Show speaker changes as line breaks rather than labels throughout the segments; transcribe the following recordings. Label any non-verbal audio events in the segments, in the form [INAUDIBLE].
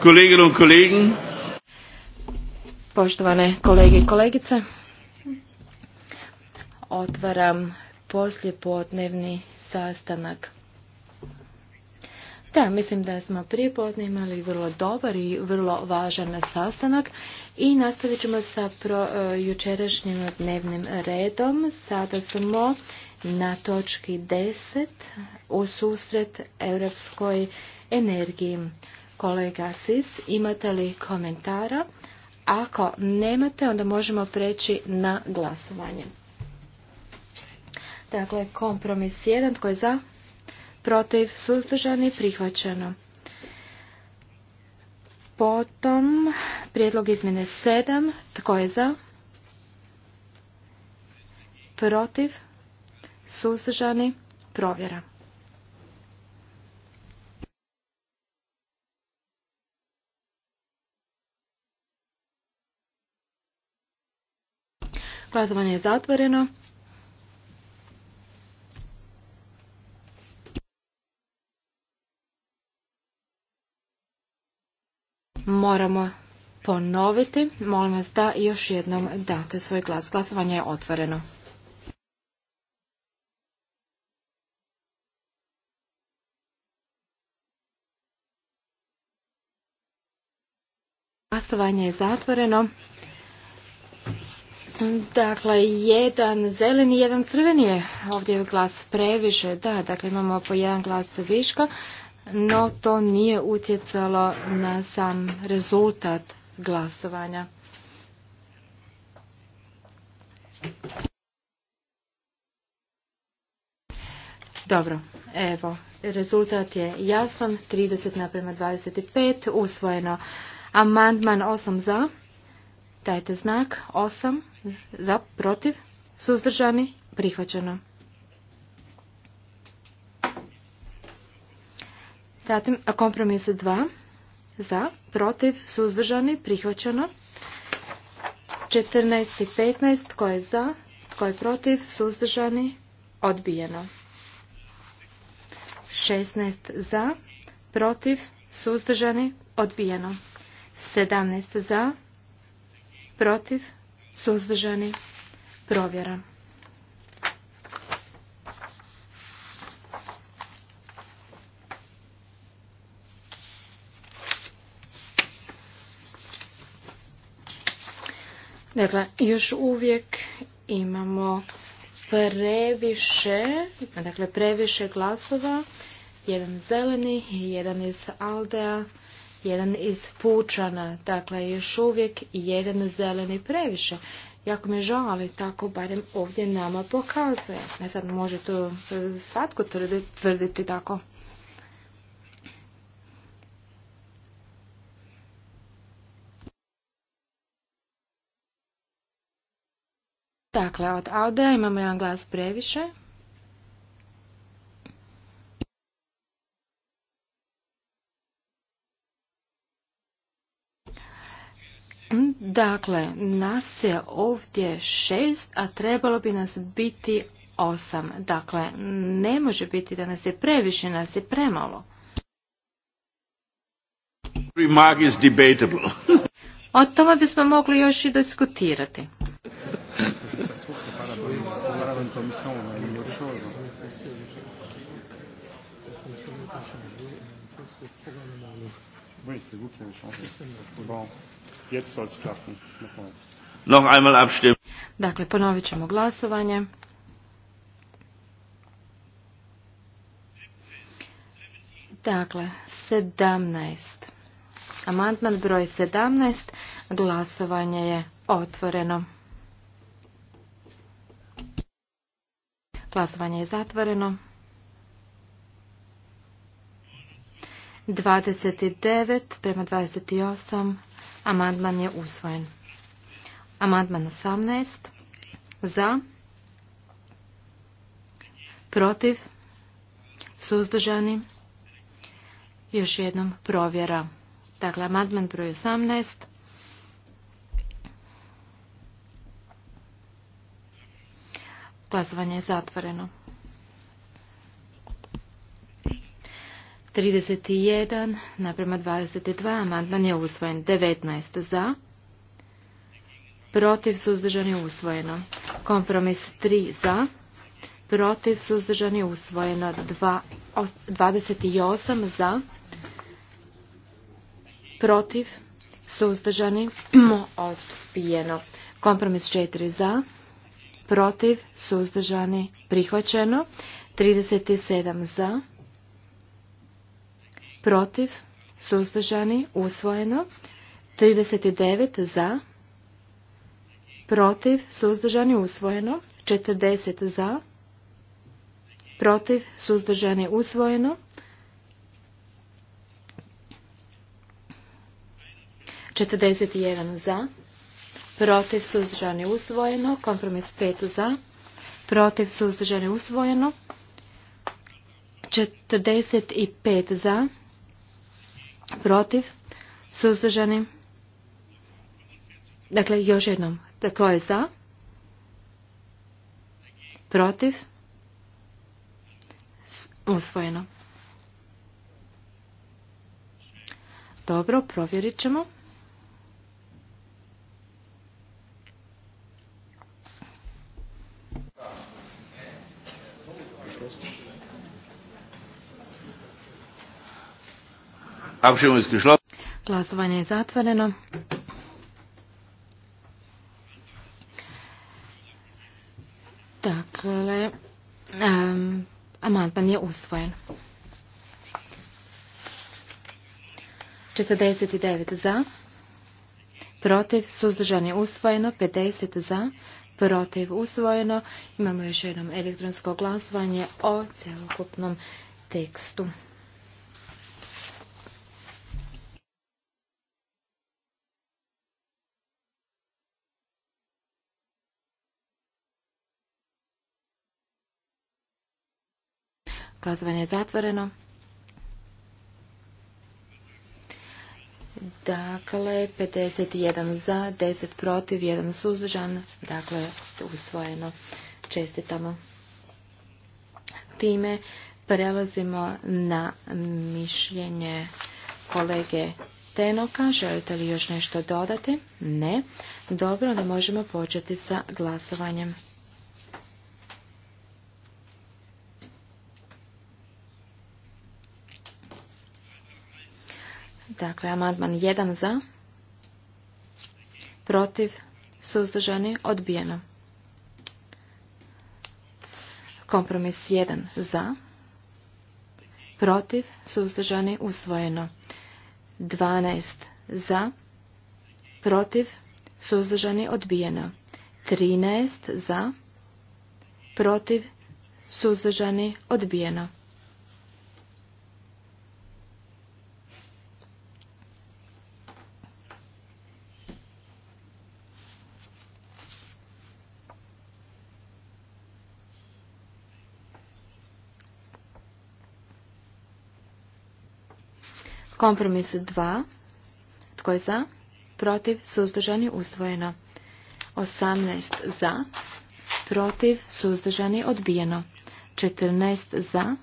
Kolleginnen und Kollegen. Poštovane kolege i kolegice, otvaram poslijepodnevni sastanak. Da, mislim da smo prije imali vrlo dobar i vrlo važan sastanak i nastavit ćemo sa eh, jučerašnjim dnevnim redom. Sada smo na točki 10 u susret europskoj energiji. Kolega Sis, imate li komentara? Ako nemate, onda možemo preći na glasovanje. Dakle, kompromis 1, tko je za? Protiv, suzdržani, prihvaćeno. Potom, prijedlog izmjene 7, tko je za? Protiv, suzdržani, provjera. Glasovanje je zatvoreno. Moramo ponoviti. Molim vas da još jednom date svoj glas. Glasovanje je otvoreno. Glasovanje je zatvoreno. Dakle, jedan zeleni, jedan crveni je ovdje glas previše. Da, dakle imamo po jedan glas viška, no to nije utjecalo na sam rezultat glasovanja. Dobro, evo, rezultat je jasan, 30 naprema 25, usvojeno. Amandman 8 za. Dajte znak. 8 za. Protiv. Suzdržani. Prihvaćeno. Zatim kompromis 2 za. Protiv. Suzdržani. Prihvaćeno. 14 i 15. Tko je za? Tko je protiv? Suzdržani. Odbijeno. 16 za. Protiv. Suzdržani. Odbijeno. 17 za, protiv, suzdržani, provjera. Dakle, još uvijek imamo previše, dakle previše glasova, jedan zeleni i jedan iz Aldea jedan iz pučana, dakle još uvijek jedan zeleni previše. Jako mi je žao, ali tako barem ovdje nama pokazuje. Ne sad može to e, svatko tvrditi, tako. Dakle, od Aude imamo jedan glas previše. Dakle, nas je ovdje šest, a trebalo bi nas biti osam. Dakle, ne može biti da nas je previše, nas je premalo. [LAUGHS] O tome bismo mogli još i diskutirati. Oui,
Jetzt soll's klappen.
Noch einmal abstimmen. Dakle, ponovit ćemo glasovanje. 17. Dakle, 17. Amandman broj 17. Glasovanje je otvoreno. Glasovanje je zatvoreno. 29 prema 28. Amandman je usvojen. Amandman 18. Za. Protiv. Suzdržani. Još jednom provjera. Dakle, amandman broj 18. Glasovanje je zatvoreno. 31 naprema 22 amandman je usvojen. 19 za. Protiv suzdržani usvojeno. Kompromis 3 za. Protiv suzdržani usvojeno. 2, 28 za. Protiv suzdržani [CLEARS THROAT] odbijeno. Kompromis 4 za. Protiv suzdržani prihvaćeno. 37 za protiv, suzdržani, usvojeno. 39 za, protiv, suzdržani, usvojeno. 40 za, protiv, suzdržani, usvojeno. 41 za, protiv, suzdržani, usvojeno. Kompromis 5 za, protiv, suzdržani, usvojeno. 45 za, protiv, suzdržani. Dakle, još jednom, tko je za, protiv, usvojeno. Dobro, provjerit ćemo. Glasovanje je zatvoreno. Dakle, um, amandman je usvojen. 49 za, protiv, je usvojeno, 50 za, protiv, usvojeno. Imamo još jednom elektronsko glasovanje o cjelokupnom tekstu. Glasovanje zatvoreno. Dakle, 51 za, 10 protiv, 1 suzdržan. Dakle, usvojeno. Čestitamo. Time prelazimo na mišljenje kolege Tenoka. Želite li još nešto dodati? Ne. Dobro, onda možemo početi sa glasovanjem. Dakle, amandman 1 za, protiv, suzdržani, odbijeno. Kompromis 1 za, protiv, suzdržani, usvojeno. 12 za, protiv, suzdržani, odbijeno. 13 za, protiv, suzdržani, odbijeno. Kompromis 2. Tko je za? Protiv. Suzdržani. Usvojeno. 18 za. Protiv. Suzdržani. Odbijeno. 14 za.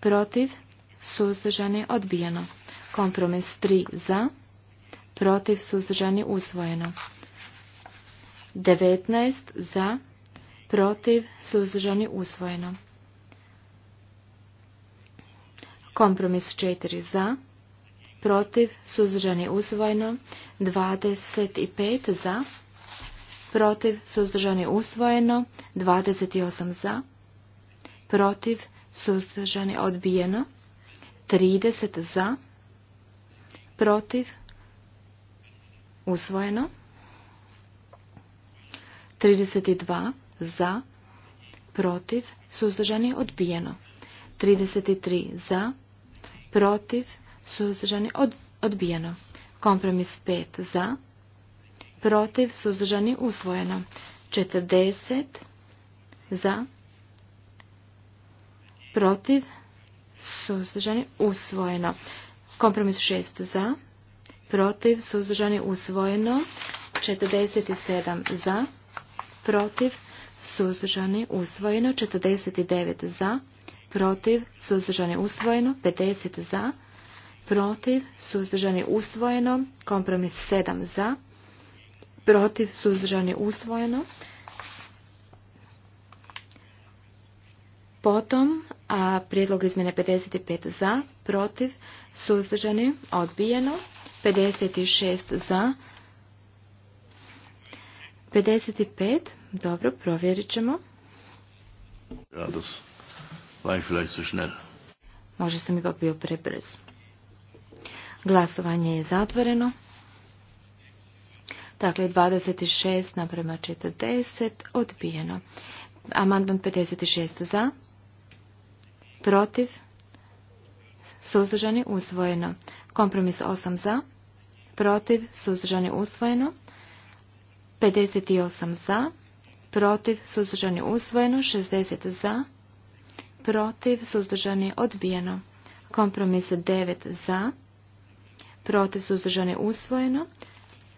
Protiv. Suzdržani. Odbijeno. Kompromis 3 za. Protiv. Suzdržani. Usvojeno. 19 za. Protiv. Suzdržani. Usvojeno. Kompromis 4 za, protiv, suzdržani usvojeno, 25 za, protiv, suzdržani usvojeno, 28 za, protiv, suzdržani odbijeno, 30 za, protiv, usvojeno, 32 za, protiv, suzdržani odbijeno, 33 za, protiv, suzdržani, odbijeno. Kompromis 5 za, protiv, suzdržani, usvojeno. 40 za, protiv, suzdržani, usvojeno. Kompromis 6 za, protiv, suzdržani, usvojeno. 47 za, protiv, suzdržani, usvojeno. 49 za, protiv, suzdržani usvojeno, 50 za, protiv, suzdržani usvojeno, kompromis 7 za, protiv, suzdržani usvojeno. Potom, a prijedlog izmjene 55 za, protiv, suzdržani, odbijeno, 56 za, 55, dobro, provjerit ćemo.
Ja, war ich vielleicht zu schnell.
Možda sam ipak bio prebrz. Glasovanje je zatvoreno. Dakle, 26 naprema 40 odbijeno. Amandman 56 za, protiv, suzdržani usvojeno. Kompromis 8 za, protiv, suzdržani usvojeno. 58 za, protiv, suzdržani usvojeno. 60 za, protiv, suzdržani, odbijeno. Kompromis 9 za, protiv, suzdržani, usvojeno.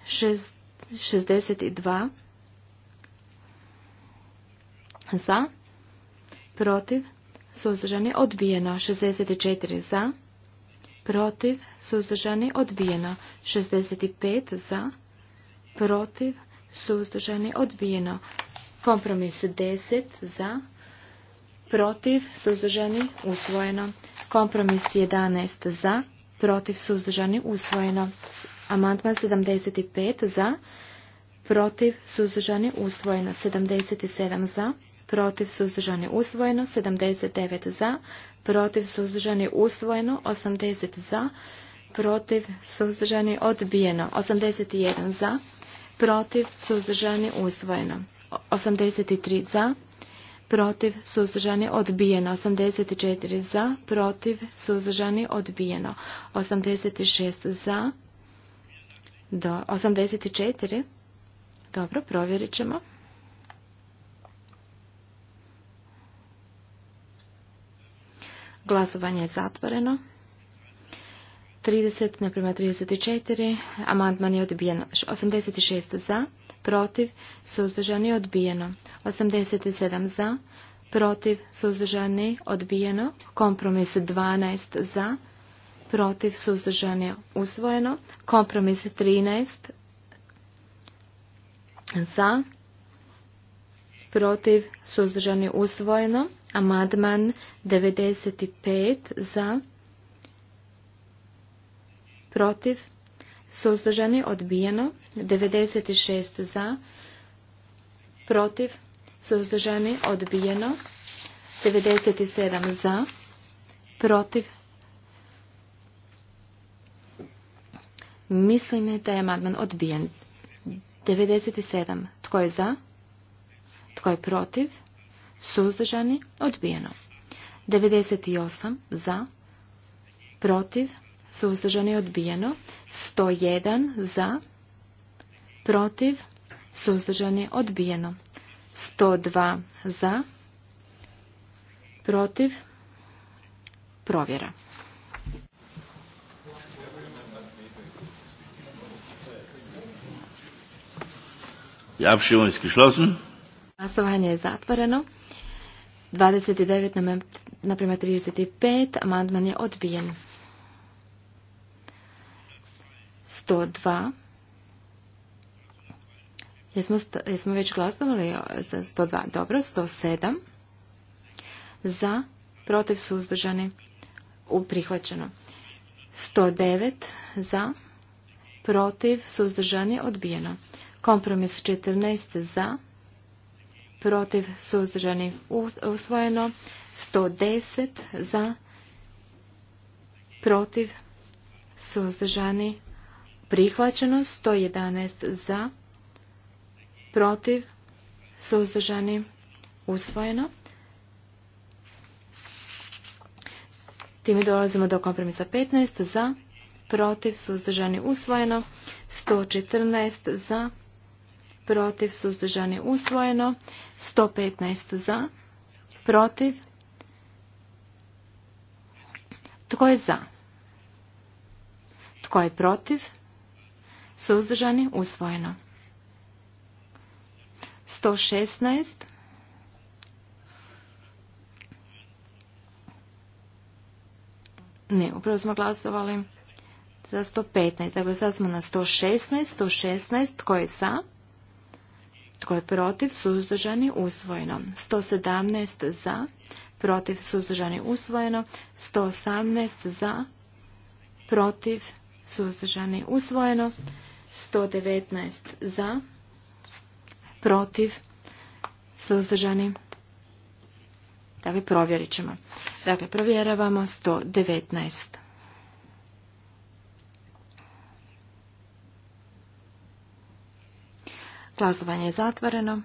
62 za, protiv, suzdržani, odbijeno. 64 za, protiv, suzdržani, odbijeno. 65 za, protiv, suzdržani, odbijeno. Kompromis 10 za, protiv, protiv, suzdržani, usvojeno. Kompromis 11 za, protiv, suzdržani, usvojeno. Amandman 75 za, protiv, suzdržani, usvojeno. 77 za, protiv, suzdržani, usvojeno. 79 za, protiv, suzdržani, usvojeno. 80 za, protiv, suzdržani, odbijeno. 81 za, protiv, suzdržani, usvojeno. 83 za, protiv, suzdržani, odbijeno. 84 za, protiv, suzdržani, odbijeno. 86 za, do 84. Dobro, provjerit ćemo. Glasovanje je zatvoreno. 30 naprema 34. Amandman je odbijeno. 86 za, protiv, suzdržani, odbijeno. 87 za, protiv, suzdržani, odbijeno. Kompromis 12 za, protiv, suzdržani, usvojeno. Kompromis 13 za, protiv, suzdržani, usvojeno. Amadman 95 za, protiv, suzdržani, odbijeno, 96 za, protiv, suzdržani, odbijeno, 97 za, protiv. Mislim da je amandman odbijen. 97. Tko je za? Tko je protiv? Suzdržani, odbijeno. 98 za, protiv, je odbijeno. 101 za, protiv, je odbijeno. 102 za, protiv, provjera. Glasovanje je zatvoreno. 29 na naprema 35, amandman je odbijen. 102. Jesmo, već glasovali za 102. Dobro, 107. Za, protiv suzdržani, prihvaćeno. 109 za, protiv, suzdržani, odbijeno. Kompromis 14 za, protiv, suzdržani, usvojeno. 110 za, protiv, suzdržani, prihvaćeno 111 za protiv suzdržani usvojeno Time dolazimo do kompromisa 15 za protiv suzdržani usvojeno 114 za protiv suzdržani usvojeno 115 za protiv tko je za tko je protiv Suzdržani? Usvojeno. 116. Ne, upravo smo glasovali za 115. Dakle, sad smo na 116. 116. Tko je za? Tko je protiv? Suzdržani? Usvojeno. 117 za. Protiv? Suzdržani? Usvojeno. 118 za. Protiv? Suzdržani? suzdržani usvojeno, 119 za, protiv, suzdržani. Dakle, provjerit ćemo. Dakle, provjeravamo 119. Glasovanje je zatvoreno.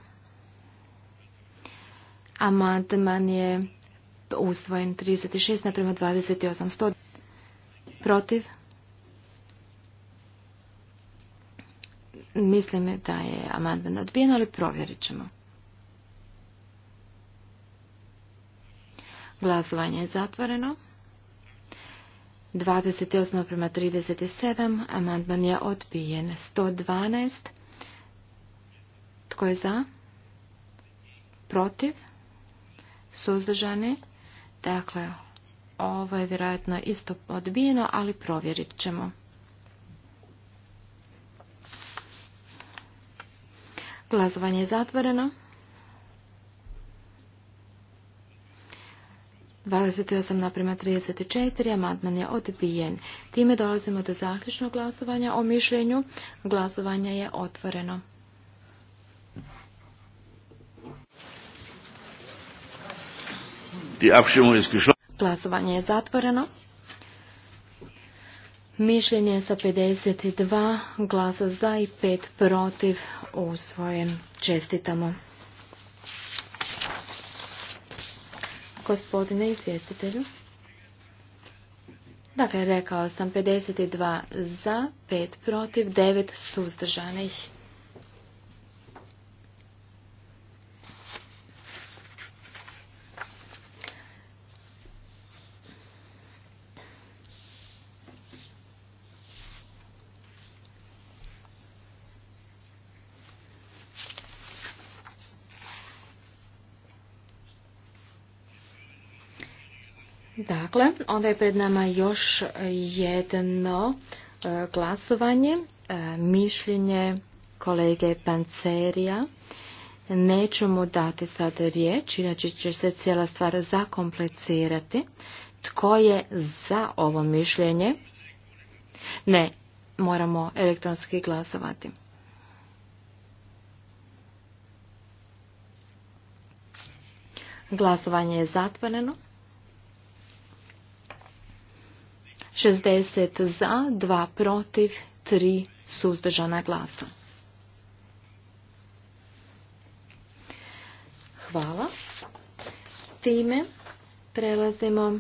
Amandman je usvojen 36 naprema 28. 100 protiv. Mislim da je amandman odbijen, ali provjerit ćemo. Glasovanje je zatvoreno. 28 prema 37, amandman je odbijen. 112, tko je za? Protiv? Suzdržani? Dakle, ovo je vjerojatno isto odbijeno, ali provjerit ćemo. Glasovanje je zatvoreno. 28 naprema 34, amandman je odbijen. Time dolazimo do zaključnog glasovanja o mišljenju. Glasovanje je otvoreno. Glasovanje je zatvoreno. Mišljenje sa 52 glasa za i 5 protiv svojem. Čestitamo. Gospodine izvjestitelju. Dakle, rekao sam 52 za, 5 protiv, 9 suzdržanih. Dakle, onda je pred nama još jedno e, glasovanje, e, mišljenje kolege Pancerija. Nećemo dati sad riječ, inače će se cijela stvar zakomplicirati. Tko je za ovo mišljenje? Ne, moramo elektronski glasovati. Glasovanje je zatvoreno. 60 za, 2 protiv, 3 suzdržana glasa. Hvala. Time prelazimo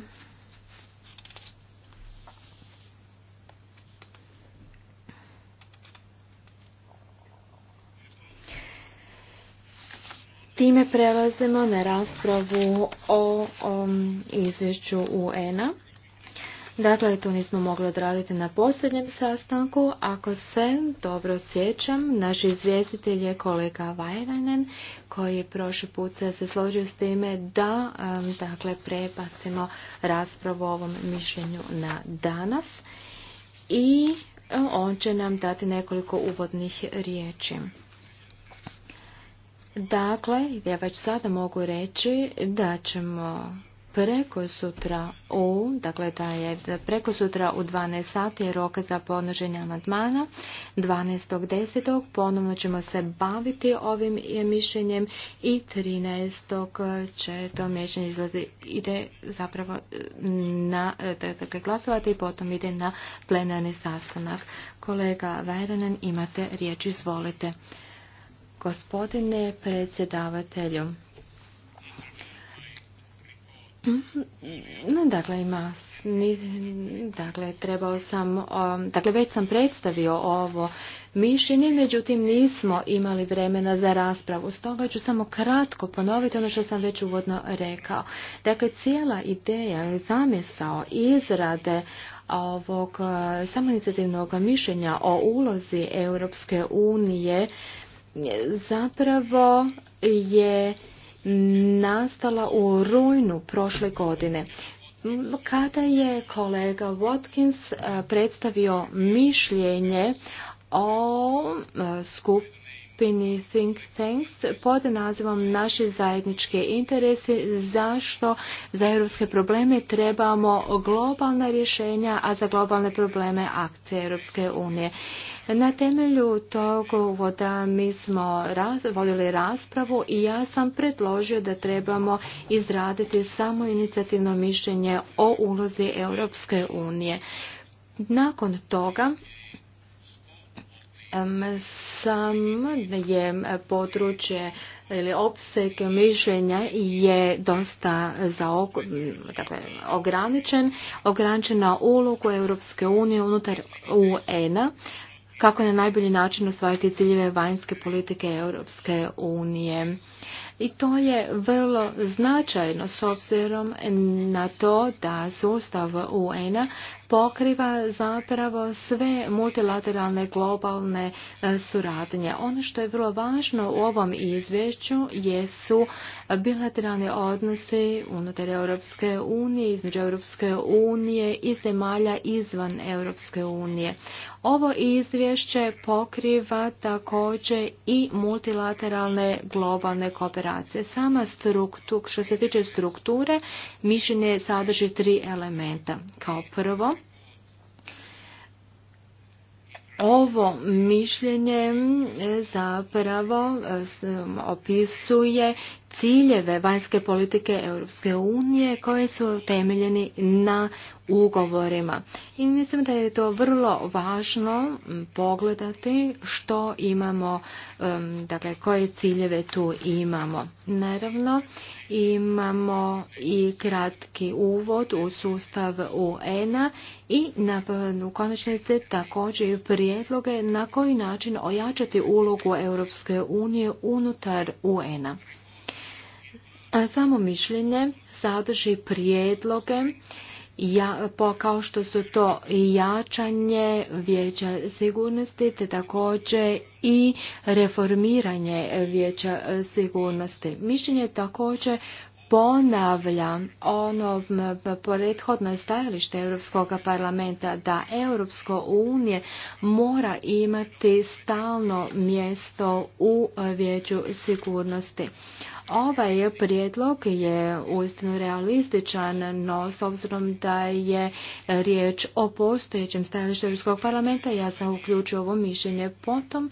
Time prelazimo na raspravu o, o izvješću UN-a. Dakle, to nismo mogli odraditi na posljednjem sastanku. Ako se dobro sjećam, naš izvjestitelj je kolega Vajranen, koji je prošli put se složio s time da dakle, prebacimo raspravu o ovom mišljenju na danas i e, on će nam dati nekoliko uvodnih riječi. Dakle, ja već sada mogu reći da ćemo preko sutra u, dakle da je preko u 12 sati je roka za podnoženje amandmana. 12.10. ponovno ćemo se baviti ovim mišljenjem i 13. će to izlazi, ide zapravo na, e, dakle, glasovati i potom ide na plenarni sastanak. Kolega Vajranen, imate riječ, izvolite. Gospodine predsjedavatelju, Mhm. Dakle, ima, dakle, trebao sam, um, dakle, već sam predstavio ovo mišljenje, međutim nismo imali vremena za raspravu. Stoga ću samo kratko ponoviti ono što sam već uvodno rekao. Dakle, cijela ideja ili zamisao izrade ovog uh, samoinicijativnog mišljenja o ulozi Europske unije zapravo je nastala u rujnu prošle godine kada je kolega Watkins eh, predstavio mišljenje o eh, skup skupini Think Tanks pod nazivom Naši zajedničke interesi zašto za europske probleme trebamo globalna rješenja, a za globalne probleme akcije Europske unije. Na temelju tog uvoda mi smo raz, vodili raspravu i ja sam predložio da trebamo izraditi samo inicijativno mišljenje o ulozi Europske unije. Nakon toga sam je područje ili opseg mišljenja je dosta za dakle, ograničen, ograničena ulogu Europske unije unutar UN-a kako na najbolji način ostvariti ciljeve vanjske politike Europske unije. I to je vrlo značajno s obzirom na to da sustav un pokriva zapravo sve multilateralne globalne e, suradnje. Ono što je vrlo važno u ovom izvješću jesu bilateralni odnosi unutar Europske unije, između Europske unije i zemalja izvan Europske unije. Ovo izvješće pokriva također i multilateralne globalne kooperacije Sama struktur, što se tiče strukture, mišljenje sadrži tri elementa. Kao prvo, ovo mišljenje e, zapravo e, opisuje ciljeve vanjske politike Europske unije koje su temeljeni na ugovorima. I mislim da je to vrlo važno pogledati što imamo, dakle koje ciljeve tu imamo. Naravno, imamo i kratki uvod u sustav UN-a i na, u konačnici također prijedloge na koji način ojačati ulogu Europske unije unutar UN-a. Samo mišljenje sadrži prijedloge ja, po, kao što su to jačanje vijeća sigurnosti te također i reformiranje vijeća sigurnosti. Mišljenje također ponavljam ono prethodno stajalište Europskog parlamenta da Europsko unije mora imati stalno mjesto u vijeću sigurnosti. Ovaj prijedlog je uistinu realističan, no s obzirom da je riječ o postojećem stajalištu Europskog parlamenta, ja sam uključio ovo mišljenje potom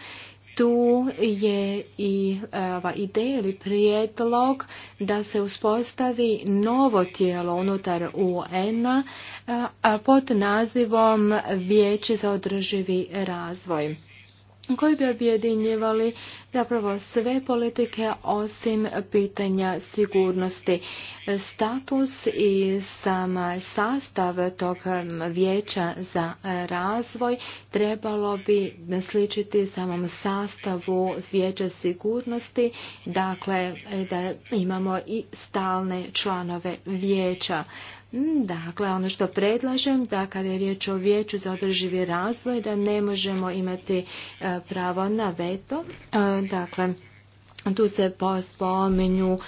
tu je i e, ova ideja ili prijedlog da se uspostavi novo tijelo unutar UN-a e, pod nazivom Vijeće za održivi razvoj koji bi objedinjivali zapravo sve politike osim pitanja sigurnosti. Status i sam sastav tog vijeća za razvoj trebalo bi sličiti samom sastavu vijeća sigurnosti, dakle da imamo i stalne članove vijeća. Mm, dakle, ono što predlažem da kada je riječ o vijeću za održivi razvoj da ne možemo imati e, pravo na veto. E, dakle, tu se po spominju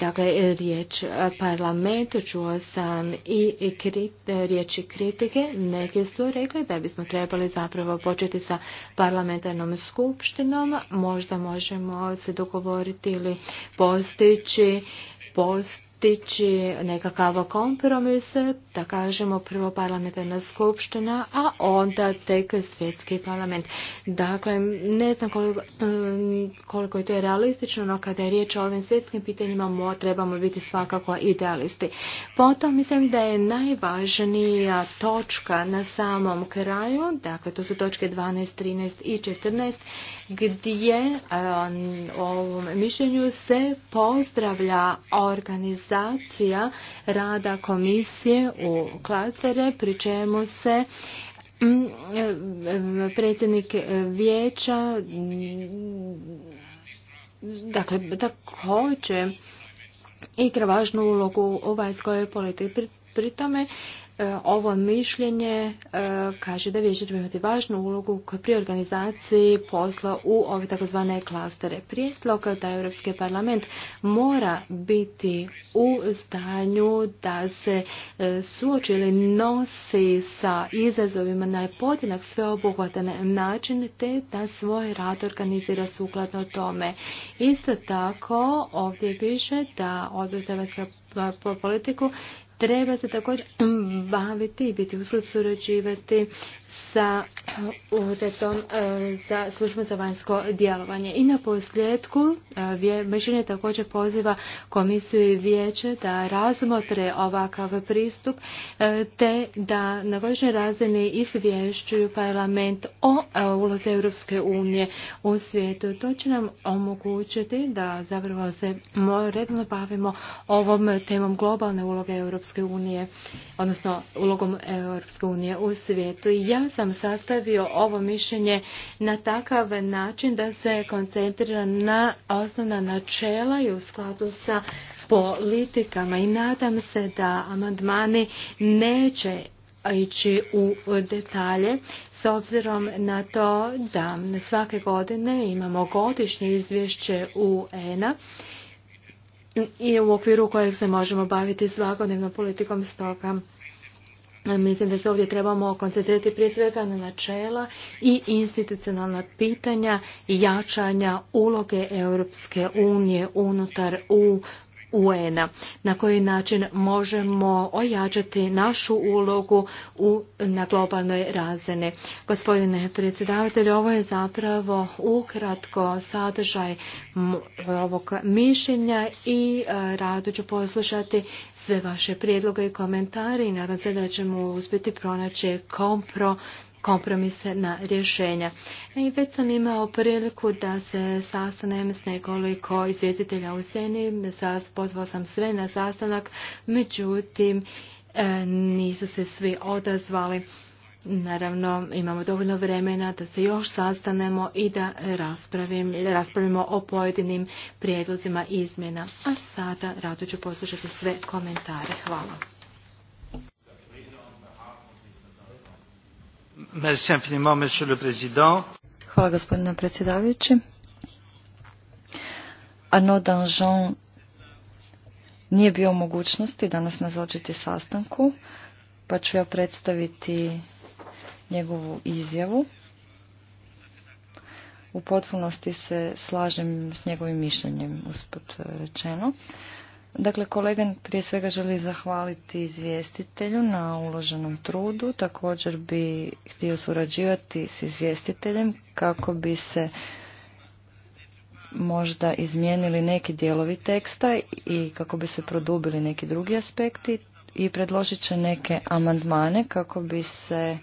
dakle, riječ e, parlamentu, čuo sam i riječi kritike. neke su rekli da bismo trebali zapravo početi sa parlamentarnom skupštinom. Možda možemo se dogovoriti ili postići post postići nekakav kompromis, da kažemo prvo parlamentarna skupština, a onda tek svjetski parlament. Dakle, ne znam koliko, eh, koliko je to realistično, no kada je riječ o ovim svjetskim pitanjima trebamo biti svakako idealisti. Potom mislim da je najvažnija točka na samom kraju, dakle to su točke 12, 13 i 14, gdje eh, u ovom mišljenju se pozdravlja organizacija organizacija rada komisije u klastere, pri čemu se mm, e, predsjednik vijeća mm, dakle također igra važnu ulogu u vanjskoj politici. Pri tome E, ovo mišljenje e, kaže da vježbe imati važnu ulogu pri organizaciji posla u ove takozvane klastere. Prijedlog da Europski parlament mora biti u stanju da se e, suoči ili nosi sa izazovima na podjednak sveobuhvatan način te da svoj rad organizira sukladno tome. Isto tako ovdje piše da odbor za politiku treba se također baviti i biti usud surađivati sa uh, uredom uh, za službu za vanjsko djelovanje. I na posljedku uh, mišljenje također poziva komisiju i vijeće da razmotre ovakav pristup te da na godišnjoj razini izvješćuju parlament o ulozi Europske unije u svijetu. To će nam omogućiti da zapravo se redno bavimo ovom temom globalne uloge Europske unije, odnosno ulogom Europske unije u svijetu. Ja ja sam sastavio ovo mišljenje na takav način da se koncentrira na osnovna načela i u skladu sa politikama i nadam se da amandmani neće ići u detalje s obzirom na to da svake godine imamo godišnje izvješće UN-a i u okviru kojeg se možemo baviti svakodnevnom politikom stoga Mislim da se ovdje trebamo koncentrirati prije svega na načela i institucionalna pitanja jačanja uloge Europske unije unutar u un Na koji način možemo ojačati našu ulogu na globalnoj razini. Gospodine predsjedavatelju, ovo je zapravo ukratko sadržaj ovog mišljenja i e, rado ću poslušati sve vaše prijedloge i komentare i nadam se da ćemo uspjeti pronaći kompro kompromise na rješenja. I već sam imao priliku da se sastanem s nekoliko izvjestitelja u sceni Pozvao sam sve na sastanak, međutim e, nisu se svi odazvali. Naravno, imamo dovoljno vremena da se još sastanemo i da raspravimo o pojedinim prijedlozima izmjena. A sada rado ću poslušati sve komentare. Hvala.
Hvala gospodine predsjedavajući. Arnaud Danjean nije bio u mogućnosti danas nazočiti sastanku, pa ću ja predstaviti njegovu izjavu. U potpunosti se slažem s njegovim mišljenjem, usput rečeno. Dakle, kolega prije svega želi zahvaliti izvjestitelju na uloženom trudu. Također bi htio surađivati s izvjestiteljem kako bi se možda izmijenili neki dijelovi teksta i kako bi se produbili neki drugi aspekti i predložit će neke amandmane kako bi se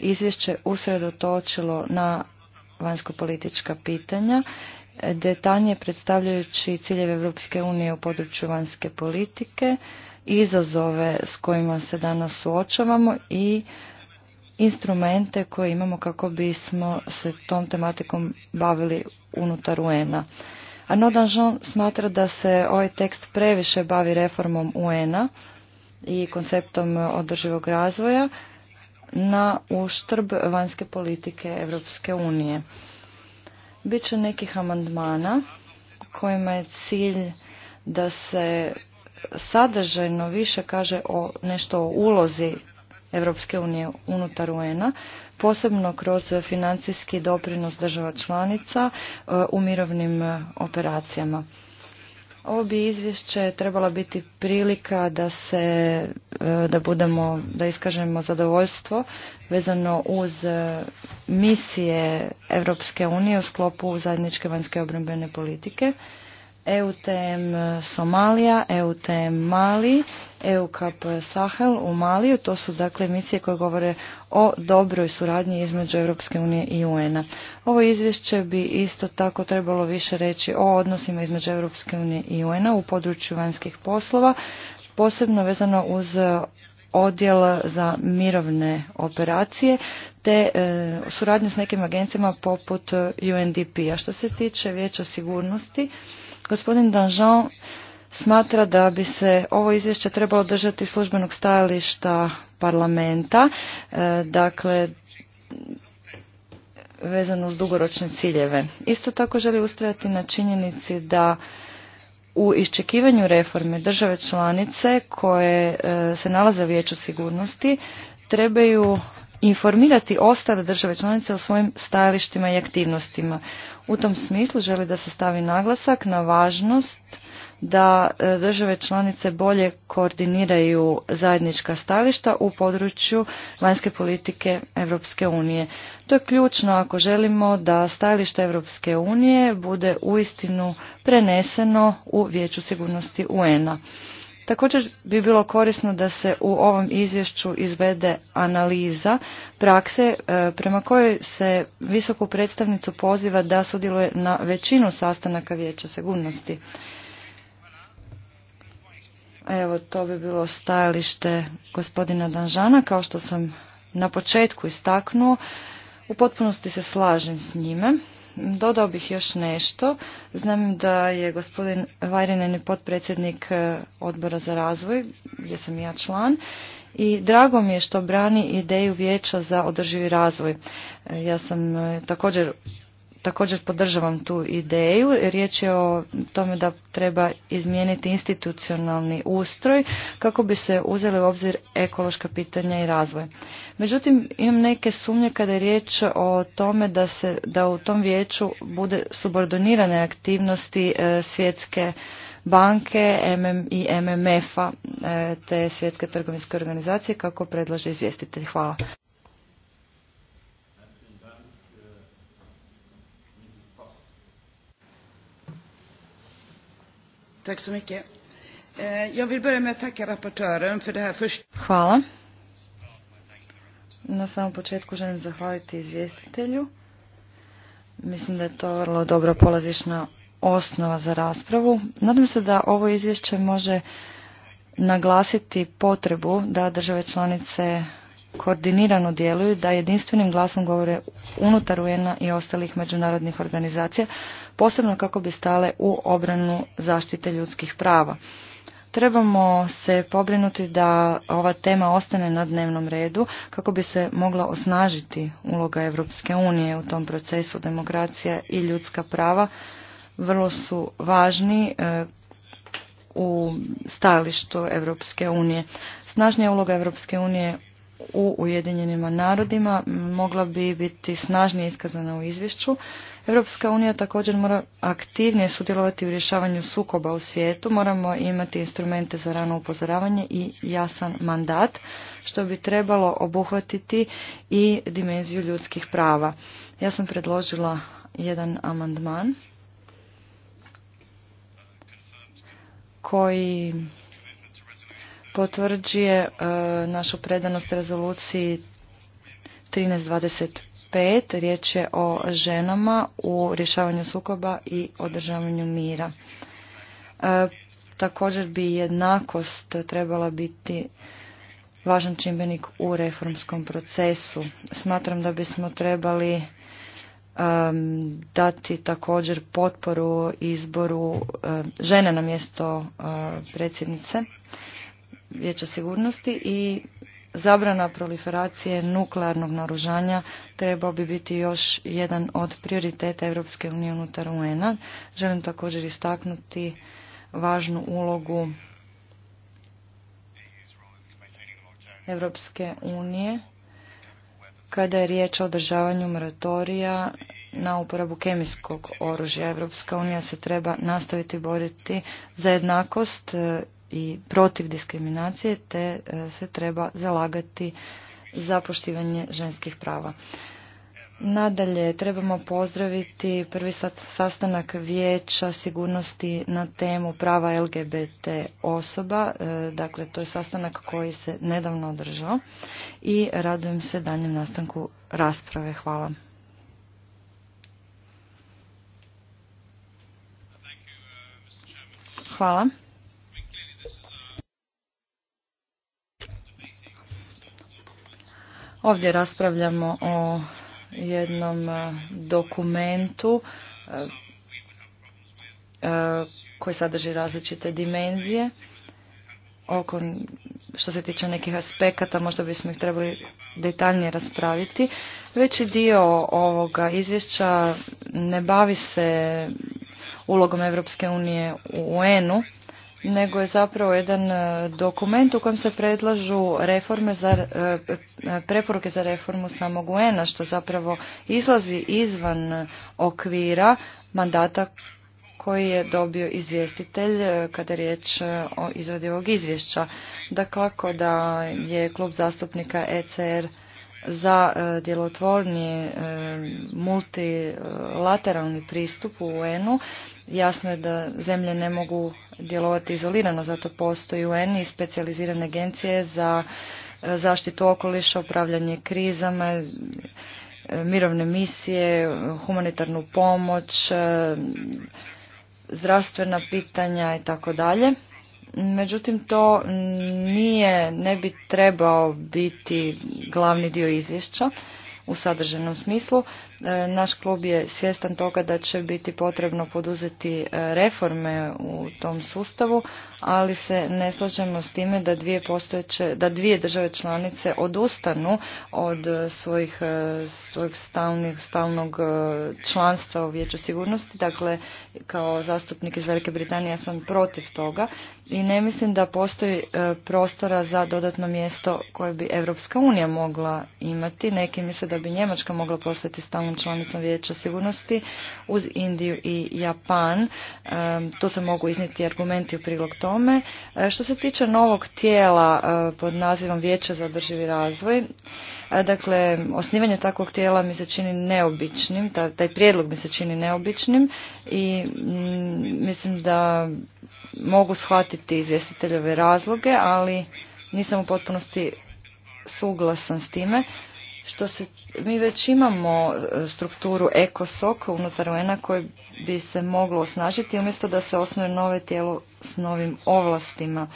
izvješće usredotočilo na vanjskopolitička pitanja detaljnije predstavljajući ciljeve Europske unije u području vanjske politike, izazove s kojima se danas suočavamo i instrumente koje imamo kako bismo se tom tematikom bavili unutar UN-a. Arnaud Danjean smatra da se ovaj tekst previše bavi reformom un i konceptom održivog razvoja na uštrb vanjske politike Europske unije. Bit će nekih amandmana kojima je cilj da se sadržajno više kaže o nešto o ulozi Europske unije unutar un posebno kroz financijski doprinos država članica e, u mirovnim operacijama. Ovo bi izvješće trebala biti prilika da se, e, da budemo, da iskažemo zadovoljstvo vezano uz e, misije Europske unije u sklopu zajedničke vanjske obrambene politike. EUTM Somalija, EUTM Mali EUCAP Sahel u Maliju. To su dakle emisije koje govore o dobroj suradnji između Europske unije i UN-a. Ovo izvješće bi isto tako trebalo više reći o odnosima između Europske unije i UN-a u području vanjskih poslova, posebno vezano uz odjel za mirovne operacije te e, suradnju s nekim agencijama poput UNDP-a. Što se tiče vijeća sigurnosti, gospodin Danjean smatra da bi se ovo izvješće trebalo držati službenog stajališta parlamenta, e, dakle vezano uz dugoročne ciljeve. Isto tako želi ustrajati na činjenici da u iščekivanju reforme države članice koje e, se nalaze u vijeću sigurnosti trebaju informirati ostale države članice o svojim stajalištima i aktivnostima. U tom smislu želi da se stavi naglasak na važnost da e, države članice bolje koordiniraju zajednička stajališta u području vanjske politike Europske unije. To je ključno ako želimo da stajalište Europske unije bude uistinu preneseno u Vijeću sigurnosti UN-a. Također bi bilo korisno da se u ovom izvješću izvede analiza prakse e, prema kojoj se visoku predstavnicu poziva da sudjeluje na većinu sastanaka Vijeća sigurnosti. Evo, to bi bilo stajalište gospodina Danžana, kao što sam na početku istaknuo. U potpunosti se slažem s njime. Dodao bih još nešto. Znam da je gospodin Vajrinen potpredsjednik e, odbora za razvoj, gdje sam ja član, i drago mi je što brani ideju vijeća za održivi razvoj. E, ja sam e, također također podržavam tu ideju. Riječ je o tome da treba izmijeniti institucionalni ustroj kako bi se uzeli u obzir ekološka pitanja i razvoj. Međutim, imam neke sumnje kada je riječ o tome da, se, da u tom vijeću bude subordonirane aktivnosti e, svjetske banke MM i MMF-a e, te svjetske trgovinske organizacije kako predlaže izvjestitelj. Hvala. Tack så mycket. Eh, jag vill börja med att tacka rapportören för det här Hvala. Na samom početku želim zahvaliti izvjestitelju. Mislim da je to vrlo dobra polazišna osnova za raspravu. Nadam se da ovo izvješće može naglasiti potrebu da države članice koordinirano djeluju, da jedinstvenim glasom govore unutar un i ostalih međunarodnih organizacija, posebno kako bi stale u obranu zaštite ljudskih prava. Trebamo se pobrinuti da ova tema ostane na dnevnom redu kako bi se mogla osnažiti uloga Europske unije u tom procesu demokracija i ljudska prava. Vrlo su važni e, u stajalištu Europske unije. Snažnija uloga Europske unije u Ujedinjenim narodima mogla bi biti snažnije iskazana u izvješću. Europska unija također mora aktivnije sudjelovati u rješavanju sukoba u svijetu. Moramo imati instrumente za rano upozoravanje i jasan mandat, što bi trebalo obuhvatiti i dimenziju ljudskih prava. Ja sam predložila jedan amandman koji potvrđuje e, našu predanost rezoluciji 1325. Riječ je o ženama u rješavanju sukoba i održavanju mira. E, također bi jednakost trebala biti važan čimbenik u reformskom procesu. Smatram da bismo trebali e, dati također potporu izboru žene na mjesto predsjednice Vijeća sigurnosti i zabrana proliferacije nuklearnog naružanja trebao bi biti još jedan od prioriteta Europske unije unutar un Želim također istaknuti važnu ulogu Europske unije kada je riječ o održavanju moratorija na uporabu kemijskog oružja. Europska unija se treba nastaviti boriti za jednakost i protiv diskriminacije te e, se treba zalagati za poštivanje ženskih prava. Nadalje, trebamo pozdraviti prvi sastanak vijeća sigurnosti na temu prava LGBT osoba. E, dakle, to je sastanak koji se nedavno održao i radujem se danjem nastanku rasprave. Hvala. Hvala. Ovdje raspravljamo o jednom e, dokumentu e, e, koji sadrži različite dimenzije. Oko, što se tiče nekih aspekata, možda bismo ih trebali detaljnije raspraviti. Veći dio ovoga izvješća ne bavi se ulogom Europske unije u UN-u, nego je zapravo jedan e, dokument u kojem se predlažu reforme za, e, preporuke za reformu samog un što zapravo izlazi izvan okvira mandata koji je dobio izvjestitelj e, kada je riječ o izradi ovog izvješća. Dakle, da je klub zastupnika ECR za e, djelotvorni e, multilateralni pristup u UN-u. Jasno je da zemlje ne mogu djelovati izolirano, zato postoji UN i specijalizirane agencije za e, zaštitu okoliša, upravljanje krizama, mirovne misije, humanitarnu pomoć, zdravstvena pitanja i tako dalje. Međutim, to nije, ne bi trebao biti glavni dio izvješća u sadržajnom smislu. E, naš klub je svjestan toga da će biti potrebno poduzeti e, reforme u tom sustavu, ali se ne slažemo s time da dvije, postojeće, da dvije države članice odustanu od svojih, e, svojih stalnih, stalnog članstva u Vijeću sigurnosti. Dakle, kao zastupnik iz Velike Britanije ja sam protiv toga i ne mislim da postoji prostora za dodatno mjesto koje bi Europska unija mogla imati. Neki misle da bi Njemačka mogla postati stalno zemljom članicom Vijeća sigurnosti uz Indiju i Japan. E, to se mogu iznijeti argumenti u prilog tome. E, što se tiče novog tijela e, pod nazivom Vijeće za održivi razvoj, Dakle, osnivanje takvog tijela mi se čini neobičnim, taj prijedlog mi se čini neobičnim i mm, mislim da mogu shvatiti izvjestiteljeve razloge, ali nisam u potpunosti suglasan s time što se, mi već imamo e, strukturu ECOSOC unutar un koje bi se moglo osnažiti umjesto da se osnuje nove tijelo s novim ovlastima.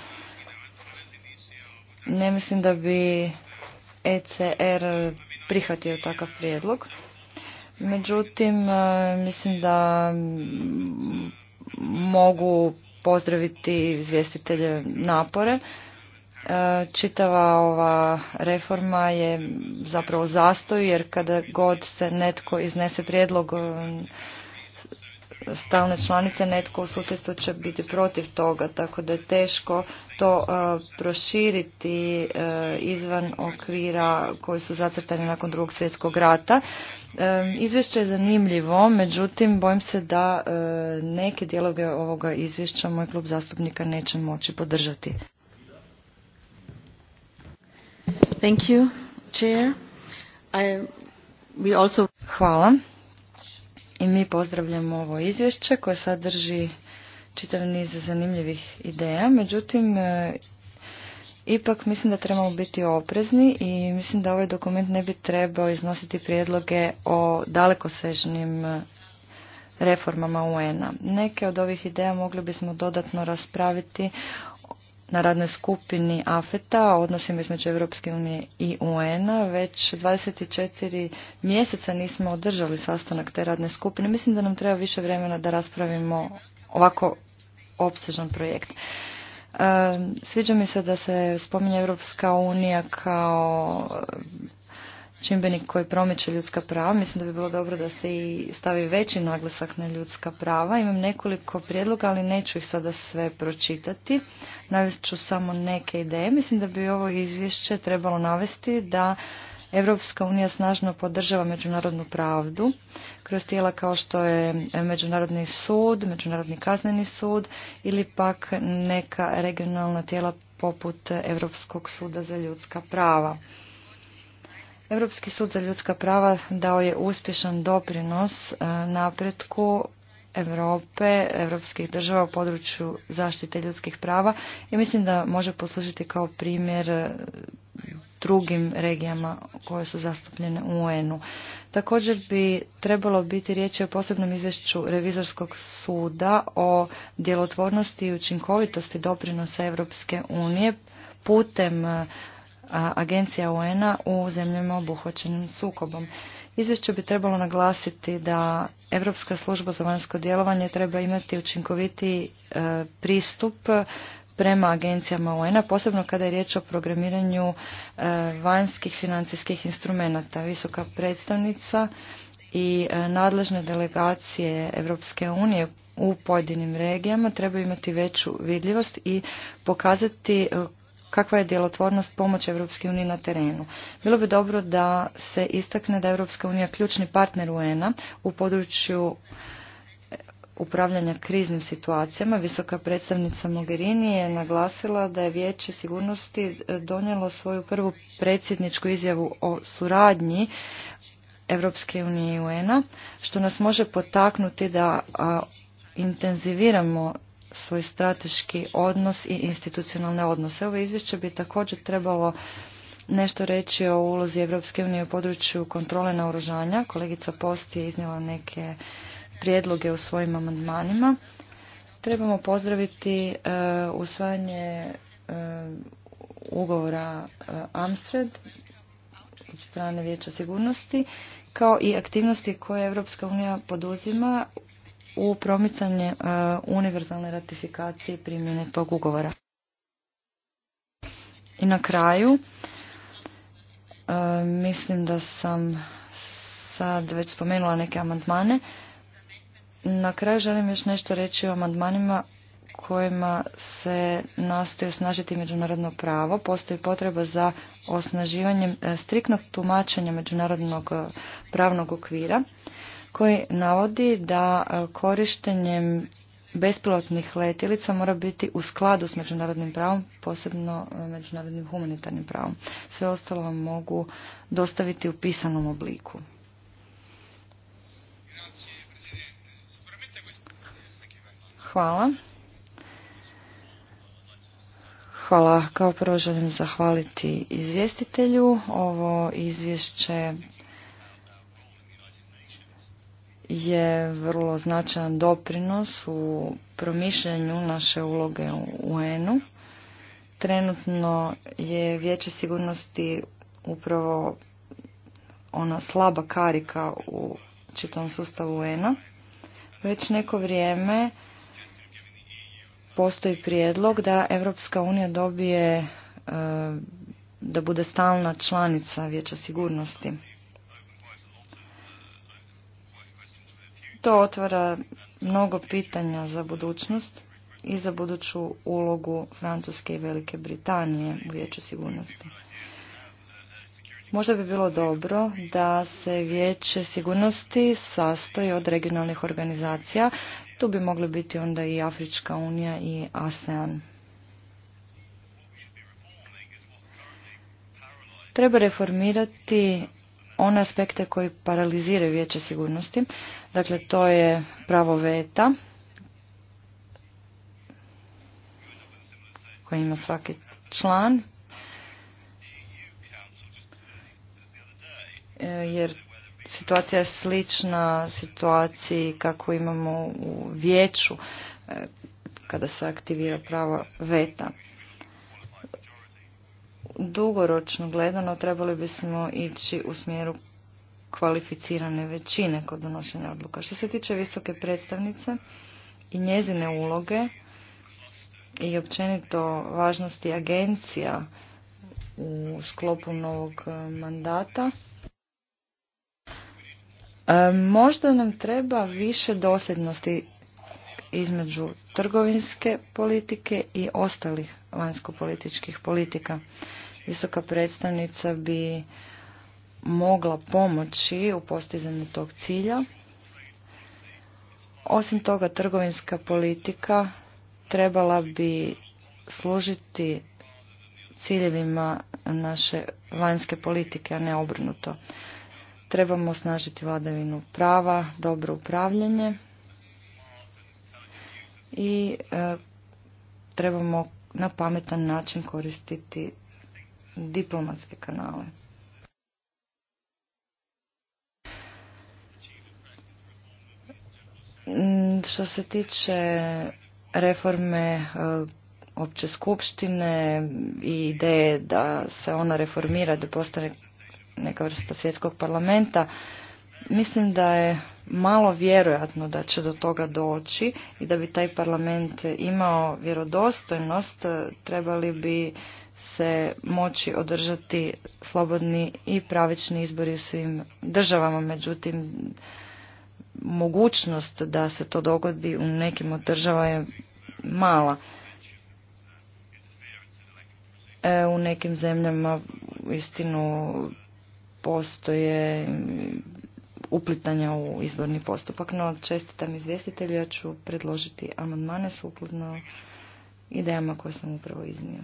Ne mislim da bi ECR prihvatio takav prijedlog. Međutim, e, mislim da mogu pozdraviti izvjestitelje napore E, čitava ova reforma je zapravo zastoj jer kada god se netko iznese prijedlog e, stalne članice, netko u susjedstvu će biti protiv toga, tako da je teško to e, proširiti izvan okvira koji su zacrtani nakon drugog svjetskog rata. Izvješće je zanimljivo, međutim bojim se da neke dijeloge ovoga izvješća moj klub zastupnika neće moći podržati. Hvala. I mi pozdravljamo ovo izvješće koje sadrži čitav niz zanimljivih ideja. Međutim, e, ipak mislim da trebamo biti oprezni i mislim da ovaj dokument ne bi trebao iznositi prijedloge o dalekosežnim e, reformama UN-a. Neke od ovih ideja mogli bismo dodatno raspraviti na radnoj skupini AFETA odnosimo odnosima između Europske unije i UN-a. Već 24 mjeseca nismo održali sastanak te radne skupine. Mislim da nam treba više vremena da raspravimo ovako opsežan projekt. E, sviđa mi se da se spominje Europska unija kao čimbenik koji promiče ljudska prava. Mislim da bi bilo dobro da se i stavi veći naglasak na ljudska prava. Imam nekoliko prijedloga, ali neću ih sada sve pročitati. Navest ću samo neke ideje. Mislim da bi ovo izvješće trebalo navesti da Evropska unija snažno podržava međunarodnu pravdu kroz tijela kao što je Međunarodni sud, Međunarodni kazneni sud ili pak neka regionalna tijela poput Europskog suda za ljudska prava. Europski sud za ljudska prava dao je uspješan doprinos e, napretku Europe, europskih država u području zaštite ljudskih prava i mislim da može poslužiti kao primjer e, drugim regijama koje su zastupljene u UN-u. Također bi trebalo biti riječ o posebnom izvješću Revizorskog suda o djelotvornosti i učinkovitosti doprinosa Europske unije putem e, agencija UN-a u zemljama obuhvaćenim sukobom. Izvješće bi trebalo naglasiti da Europska služba za vanjsko djelovanje treba imati učinkoviti e, pristup prema agencijama UN-a, posebno kada je riječ o programiranju e, vanjskih financijskih instrumenata. Visoka predstavnica i e, nadležne delegacije Europske unije u pojedinim regijama treba imati veću vidljivost i pokazati kakva je djelotvornost pomoć Europske unije na terenu. Bilo bi dobro da se istakne da je Europska unija ključni partner un u području upravljanja kriznim situacijama. Visoka predstavnica Mogherini je naglasila da je Vijeće sigurnosti donijelo svoju prvu predsjedničku izjavu o suradnji Europske unije i UN-a, što nas može potaknuti da intenziviramo svoj strateški odnos i institucionalne odnose. Ovo izvješće bi također trebalo nešto reći o ulozi Europske unije u području kontrole naoružanja. Kolegica Post je iznijela neke prijedloge u svojim amandmanima. Trebamo pozdraviti e, usvajanje e, ugovora e, Amstred od strane Vijeća sigurnosti kao i aktivnosti koje Europska unija poduzima u promicanje e, univerzalne ratifikacije primjene tog ugovora. I na kraju, e, mislim da sam sad već spomenula neke amandmane. Na kraju želim još nešto reći o amandmanima kojima se nastoji osnažiti međunarodno pravo. Postoji potreba za osnaživanjem e, striktnog tumačenja međunarodnog pravnog okvira koji navodi da e, korištenjem bespilotnih letilica mora biti u skladu s međunarodnim pravom, posebno e, međunarodnim humanitarnim pravom. Sve ostalo vam mogu dostaviti u pisanom obliku. Hvala. Hvala. Kao prvo želim zahvaliti izvjestitelju. Ovo izvješće je vrlo značajan doprinos u promišljanju naše uloge u UN-u. Trenutno je Vijeće sigurnosti upravo ona slaba karika u čitom sustavu UN-a. Već neko vrijeme postoji prijedlog da Europska unija dobije e, da bude stalna članica Vijeća sigurnosti. To otvara mnogo pitanja za budućnost i za buduću ulogu Francuske i Velike Britanije u Vijeću sigurnosti. Možda bi bilo dobro da se Vijeće sigurnosti sastoji od regionalnih organizacija. Tu bi mogli biti onda i Afrička unija i ASEAN. Treba reformirati one aspekte koji paraliziraju vijeće sigurnosti. Dakle, to je pravo veta koje ima svaki član. E, jer situacija je slična situaciji kako imamo u vijeću e, kada se aktivira pravo veta dugoročno gledano trebali bismo ići u smjeru kvalificirane većine kod donošenja odluka. Što se tiče visoke predstavnice i njezine uloge i općenito važnosti agencija u sklopu novog e, mandata, e, možda nam treba više dosljednosti između trgovinske politike i ostalih vanjskopolitičkih politika visoka predstavnica bi mogla pomoći u postizanju tog cilja. Osim toga, trgovinska politika trebala bi služiti ciljevima naše vanjske politike, a ne obrnuto. Trebamo snažiti vladavinu prava, dobro upravljanje i e, trebamo na pametan način koristiti diplomatske kanale. Mm, što se tiče reforme e, opće skupštine i ideje da se ona reformira, da postane neka vrsta svjetskog parlamenta, mislim da je malo vjerojatno da će do toga doći i da bi taj parlament imao vjerodostojnost, e, trebali bi se moći održati slobodni i pravični izbori u svim državama. Međutim, mogućnost da se to dogodi u nekim od država je mala. E, u nekim zemljama istinu postoje uplitanja u izborni postupak, no čestitam izvjestitelju, ja ću predložiti amandmane sukladno idejama koje sam upravo iznio.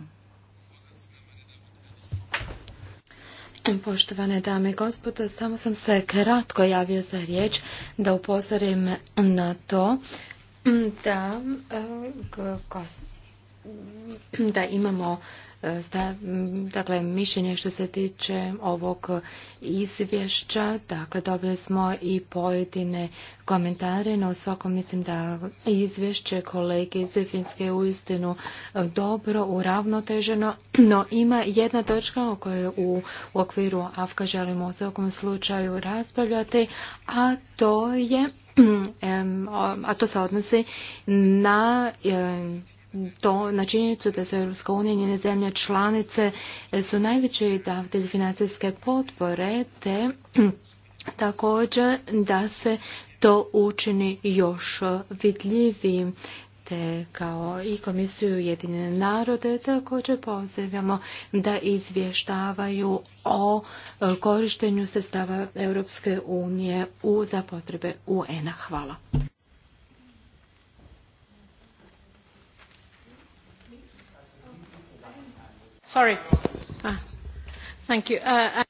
Poštovane dame i gospodo, samo sam se kratko javio za riječ da upozorim na to da e, da imamo e, Stav, dakle, mišljenje što se tiče ovog izvješća. Dakle, dobili smo i pojedine komentare, no svakom mislim da izvješće kolege iz Finske uistinu e, dobro, uravnoteženo, [CLEARS THROAT] no ima jedna točka o kojoj u, okviru AFKA želimo u svakom slučaju raspravljati, a to je [CLEARS THROAT] a to se odnosi na to na činjenicu da se Europska i njene zemlje članice e, su najveći davatelji financijske potpore te [CLEARS THROAT] također da se to učini još vidljivijim te kao i Komisiju jedinjene narode također pozivamo da izvještavaju o e, korištenju sredstava Europske unije u, za potrebe UN-a. Hvala. Ah. Uh, uh,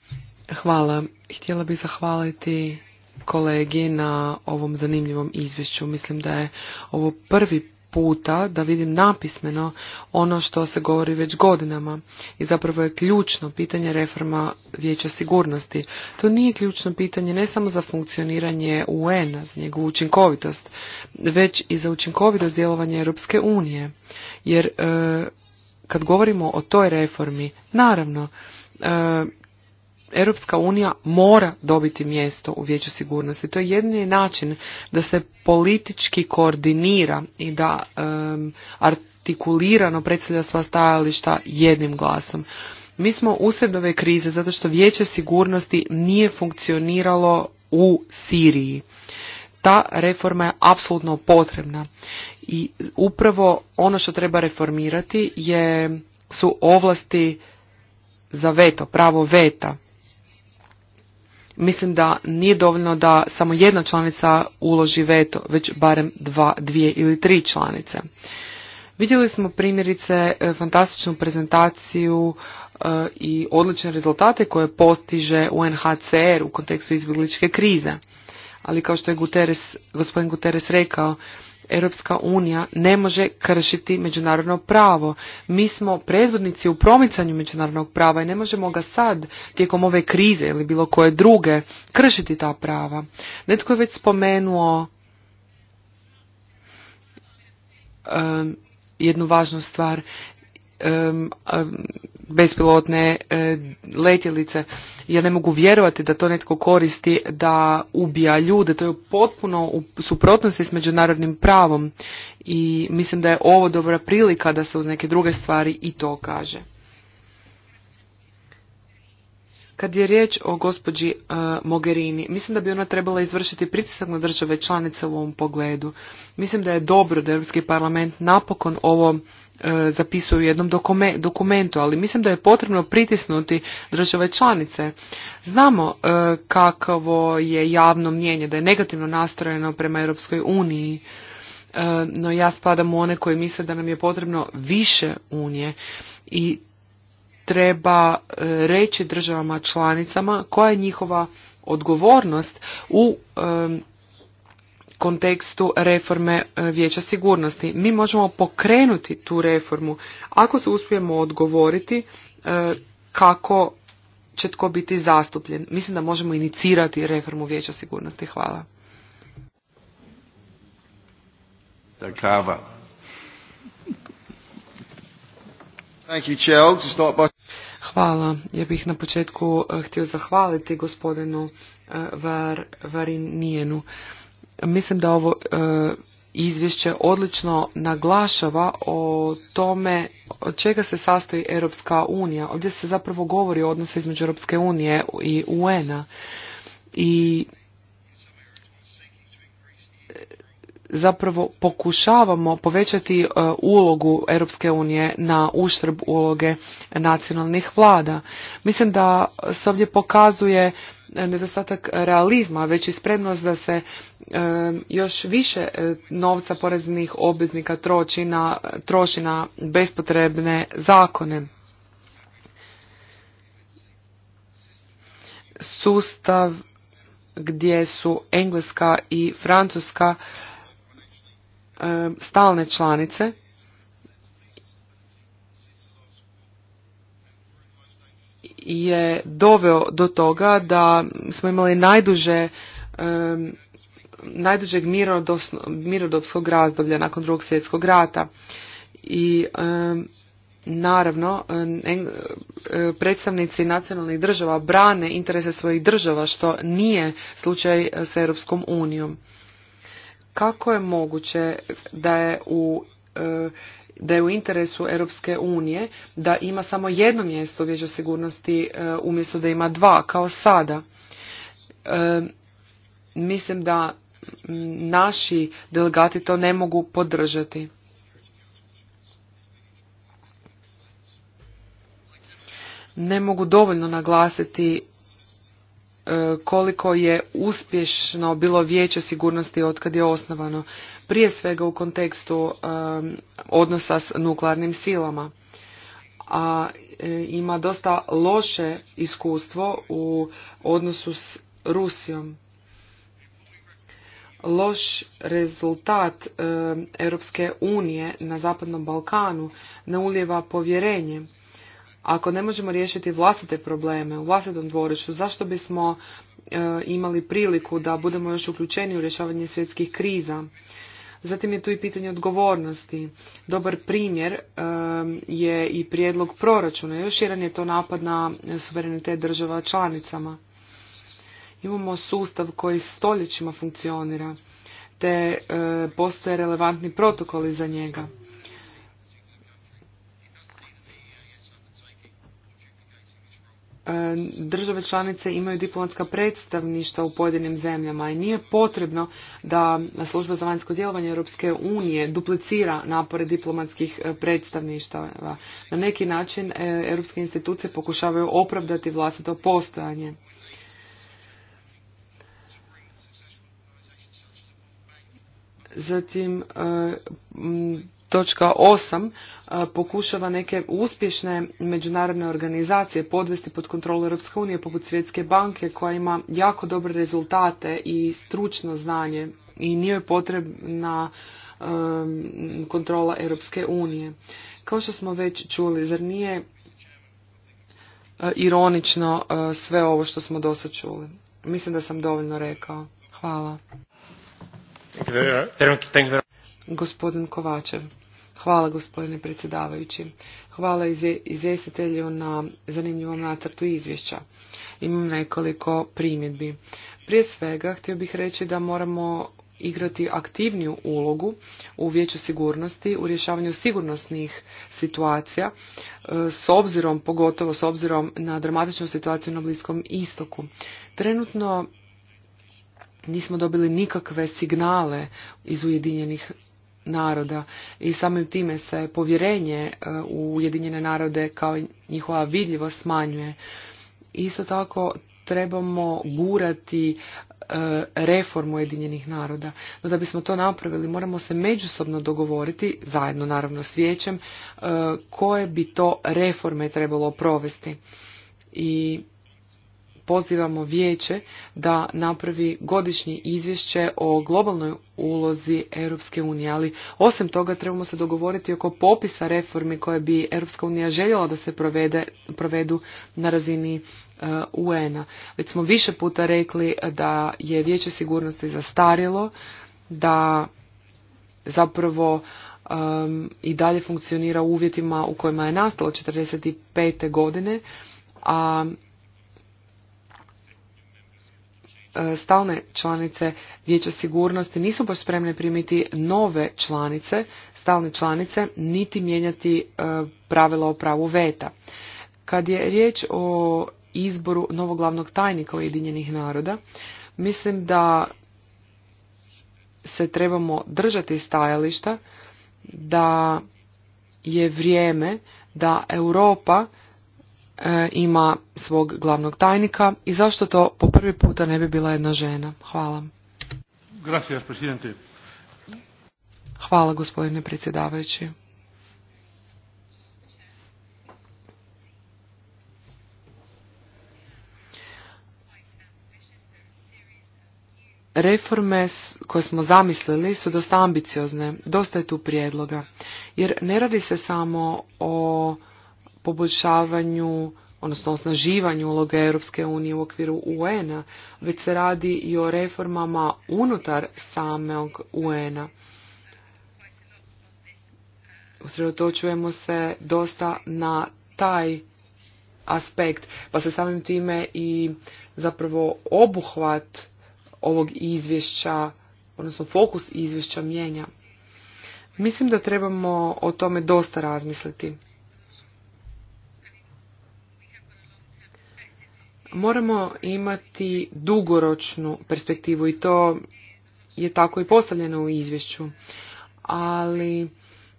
Hvala. Htjela bih zahvaliti kolegi na ovom zanimljivom izvješću. Mislim da je ovo prvi puta da vidim napismeno ono što se govori već godinama i zapravo je ključno pitanje reforma vijeća sigurnosti. To nije ključno pitanje ne samo za funkcioniranje UN-a, za njegovu učinkovitost, već i za učinkovitost djelovanja Europske unije. Jer e, kad govorimo o toj reformi, naravno, e, Europska unija mora dobiti mjesto u vijeću sigurnosti. To je jedini način da se politički koordinira i da e, artikulirano predstavlja sva stajališta jednim glasom. Mi smo usred ove krize zato što vijeće sigurnosti nije funkcioniralo u Siriji ta reforma je apsolutno potrebna i upravo ono što treba reformirati je su ovlasti za veto, pravo veta. Mislim da nije dovoljno da samo jedna članica uloži veto, već barem dva, dvije ili tri članice. Vidjeli smo primjerice e, fantastičnu prezentaciju e, i odlične rezultate koje postiže UNHCR u kontekstu izbjegličke krize ali kao što je gospodin Guterres rekao, Europska unija ne može kršiti međunarodno pravo. Mi smo predvodnici u promicanju međunarodnog prava i ne možemo ga sad, tijekom ove krize ili bilo koje druge, kršiti ta prava. Netko je već spomenuo um, jednu važnu stvar bespilotne e, letjelice. Ja ne mogu vjerovati da to netko koristi da ubija ljude. To je potpuno u suprotnosti s međunarodnim pravom i mislim da je ovo dobra prilika da se uz neke druge stvari i to kaže. Kad je riječ o gospođi e, Mogherini, mislim da bi ona trebala izvršiti pritisak na države članice u ovom pogledu. Mislim da je dobro da Europski parlament napokon ovo E, zapisuju u jednom dokumentu, ali mislim da je potrebno pritisnuti države članice. Znamo e, kakvo je javno mnjenje, da je negativno nastrojeno prema Europskoj uniji, e, no ja spadam u one koji misle da nam je potrebno više unije i treba reći državama članicama koja je njihova odgovornost u kontekstu reforme e, vijeća sigurnosti. Mi možemo pokrenuti tu reformu ako se uspijemo odgovoriti e, kako će tko biti zastupljen. Mislim da možemo inicirati reformu vijeća sigurnosti. Hvala. Hvala. Ja bih na početku e, htio zahvaliti gospodinu Var, Varinijenu Mislim da ovo e, izvješće odlično naglašava o tome od čega se sastoji Europska unija. Ovdje se zapravo govori o odnose između Europske unije i UN-a. I zapravo pokušavamo povećati e, ulogu Europske unije na uštrb uloge nacionalnih vlada. Mislim da se ovdje pokazuje nedostatak realizma, već i spremnost da se još više e, novca poreznih obveznika troši na, na bespotrebne zakone. Sustav gdje su Engleska i Francuska stalne članice je doveo do toga da smo imali najduže najdužeg mirodopskog razdoblja nakon drugog svjetskog rata. I naravno e, predstavnici nacionalnih država brane interese svojih država što nije slučaj s Europskom unijom. Kako je moguće da je u e, da je u interesu Europske unije da ima samo jedno mjesto vijeća sigurnosti e, umjesto da ima dva kao sada. E, mislim da naši delegati to ne mogu podržati. Ne mogu dovoljno naglasiti koliko je uspješno bilo vijeće sigurnosti kad je osnovano, prije svega u kontekstu um, odnosa s nuklearnim silama. A e, ima dosta loše iskustvo u odnosu s Rusijom. Loš rezultat um, Europske unije na Zapadnom Balkanu ne uljeva povjerenje ako ne možemo riješiti vlastite probleme u vlastitom dvorištu, zašto bismo e, imali priliku da budemo još uključeni u rješavanje svjetskih kriza? Zatim je tu i pitanje odgovornosti. Dobar primjer e, je i prijedlog proračuna. Još jedan je to napad na suverenitet država članicama. Imamo sustav koji stoljećima funkcionira, te e, postoje relevantni protokoli za njega E, države članice imaju diplomatska predstavništva u pojedinim zemljama i nije potrebno da služba za vanjsko djelovanje Europske unije duplicira napore diplomatskih e, predstavništava. Na neki način e, europske institucije pokušavaju opravdati vlastito postojanje. Zatim točka 8 e, pokušava neke uspješne međunarodne organizacije podvesti pod kontrolu Europske unije poput Svjetske banke koja ima jako dobre rezultate i stručno znanje i nije potrebna kontrola Europske unije. Kao što smo već čuli, zar nije e, ironično e, sve ovo što smo dosad čuli? Mislim da sam dovoljno rekao. Hvala gospodin Kovačev. Hvala gospodine predsjedavajući. Hvala izvjestitelju na zanimljivom nacrtu izvješća. Imam nekoliko primjedbi. Prije svega htio bih reći da moramo igrati aktivniju ulogu u vijeću sigurnosti u rješavanju sigurnosnih situacija e, s obzirom, pogotovo s obzirom na dramatičnu situaciju na Bliskom istoku. Trenutno nismo dobili nikakve signale iz Ujedinjenih naroda i samim time se povjerenje e, u Ujedinjene narode kao njihova vidljivost smanjuje. Isto tako trebamo gurati e, reformu Ujedinjenih naroda. No da bismo to napravili moramo se međusobno dogovoriti, zajedno naravno s vijećem, e, koje bi to reforme trebalo provesti. I pozivamo vijeće da napravi godišnje izvješće o globalnoj ulozi Europske unije, ali osim toga trebamo se dogovoriti oko popisa reformi koje bi Europska unija željela da se provede, provedu na razini e, UN-a. Već smo više puta rekli da je vijeće sigurnosti zastarjelo, da zapravo i dalje funkcionira u uvjetima u kojima je nastalo 45. godine, a E, stalne članice Vijeća sigurnosti nisu baš spremne primiti nove članice, stalne članice, niti mijenjati e, pravila o pravu veta. Kad je riječ o izboru novog glavnog tajnika Ujedinjenih naroda, mislim da se trebamo držati stajališta da je vrijeme da Europa E, ima svog glavnog tajnika i zašto to po prvi puta ne bi bila jedna žena. Hvala. Gracias, presidente. Hvala, gospodine predsjedavajući. Reforme koje smo zamislili su dosta ambiciozne, dosta je tu prijedloga, jer ne radi se samo o poboljšavanju odnosno osnaživanju uloge Europske unije u okviru UN-a, već se radi i o reformama unutar samog UN-a. Usredotočujemo se dosta na taj aspekt, pa se samim time i zapravo obuhvat ovog izvješća, odnosno fokus izvješća mijenja. Mislim da trebamo o tome dosta razmisliti. moramo imati dugoročnu perspektivu i to je tako i postavljeno u izvješću. Ali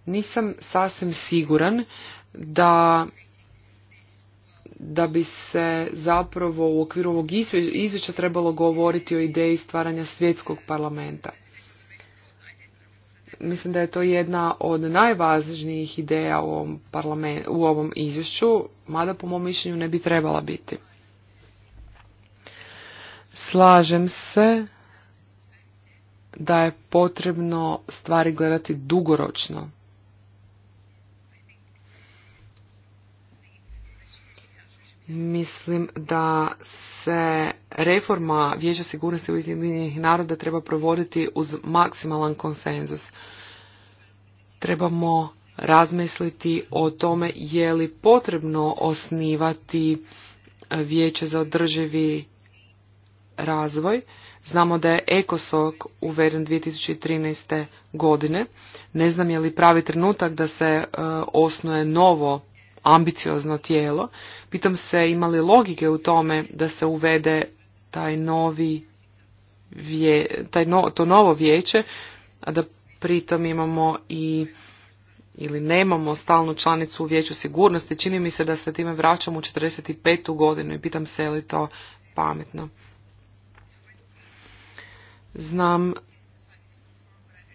nisam sasvim siguran da da bi se zapravo u okviru ovog izvješća trebalo govoriti o ideji stvaranja svjetskog parlamenta. Mislim da je to jedna od najvažnijih ideja u ovom, u ovom izvješću, mada po mom mišljenju ne bi trebala biti. Slažem se da je potrebno stvari gledati dugoročno. Mislim da se reforma Vijeća sigurnosti Ujedinjenih naroda treba provoditi uz maksimalan konsenzus. Trebamo razmisliti o tome je li potrebno osnivati vijeće za održivi razvoj. Znamo da je ekosok uveden 2013. godine. Ne znam je li pravi trenutak da se e, osnuje novo ambiciozno tijelo. Pitam se ima li logike u tome da se uvede taj novi taj to novo vijeće, a da pritom imamo i ili nemamo stalnu članicu u vijeću sigurnosti. Čini mi se da se time vraćamo u 45. godinu i pitam se je li to pametno. Znam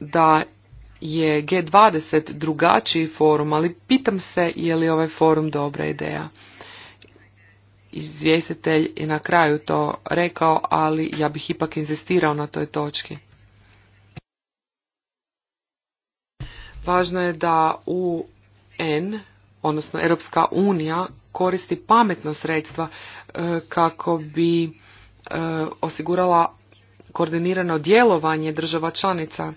da je G20 drugačiji forum, ali pitam se je li ovaj forum dobra ideja. Izvjestitelj je na kraju to rekao, ali ja bih ipak inzistirao na toj točki. Važno je da UN, odnosno Europska unija, koristi pametno sredstva e, kako bi e, osigurala koordinirano djelovanje država članica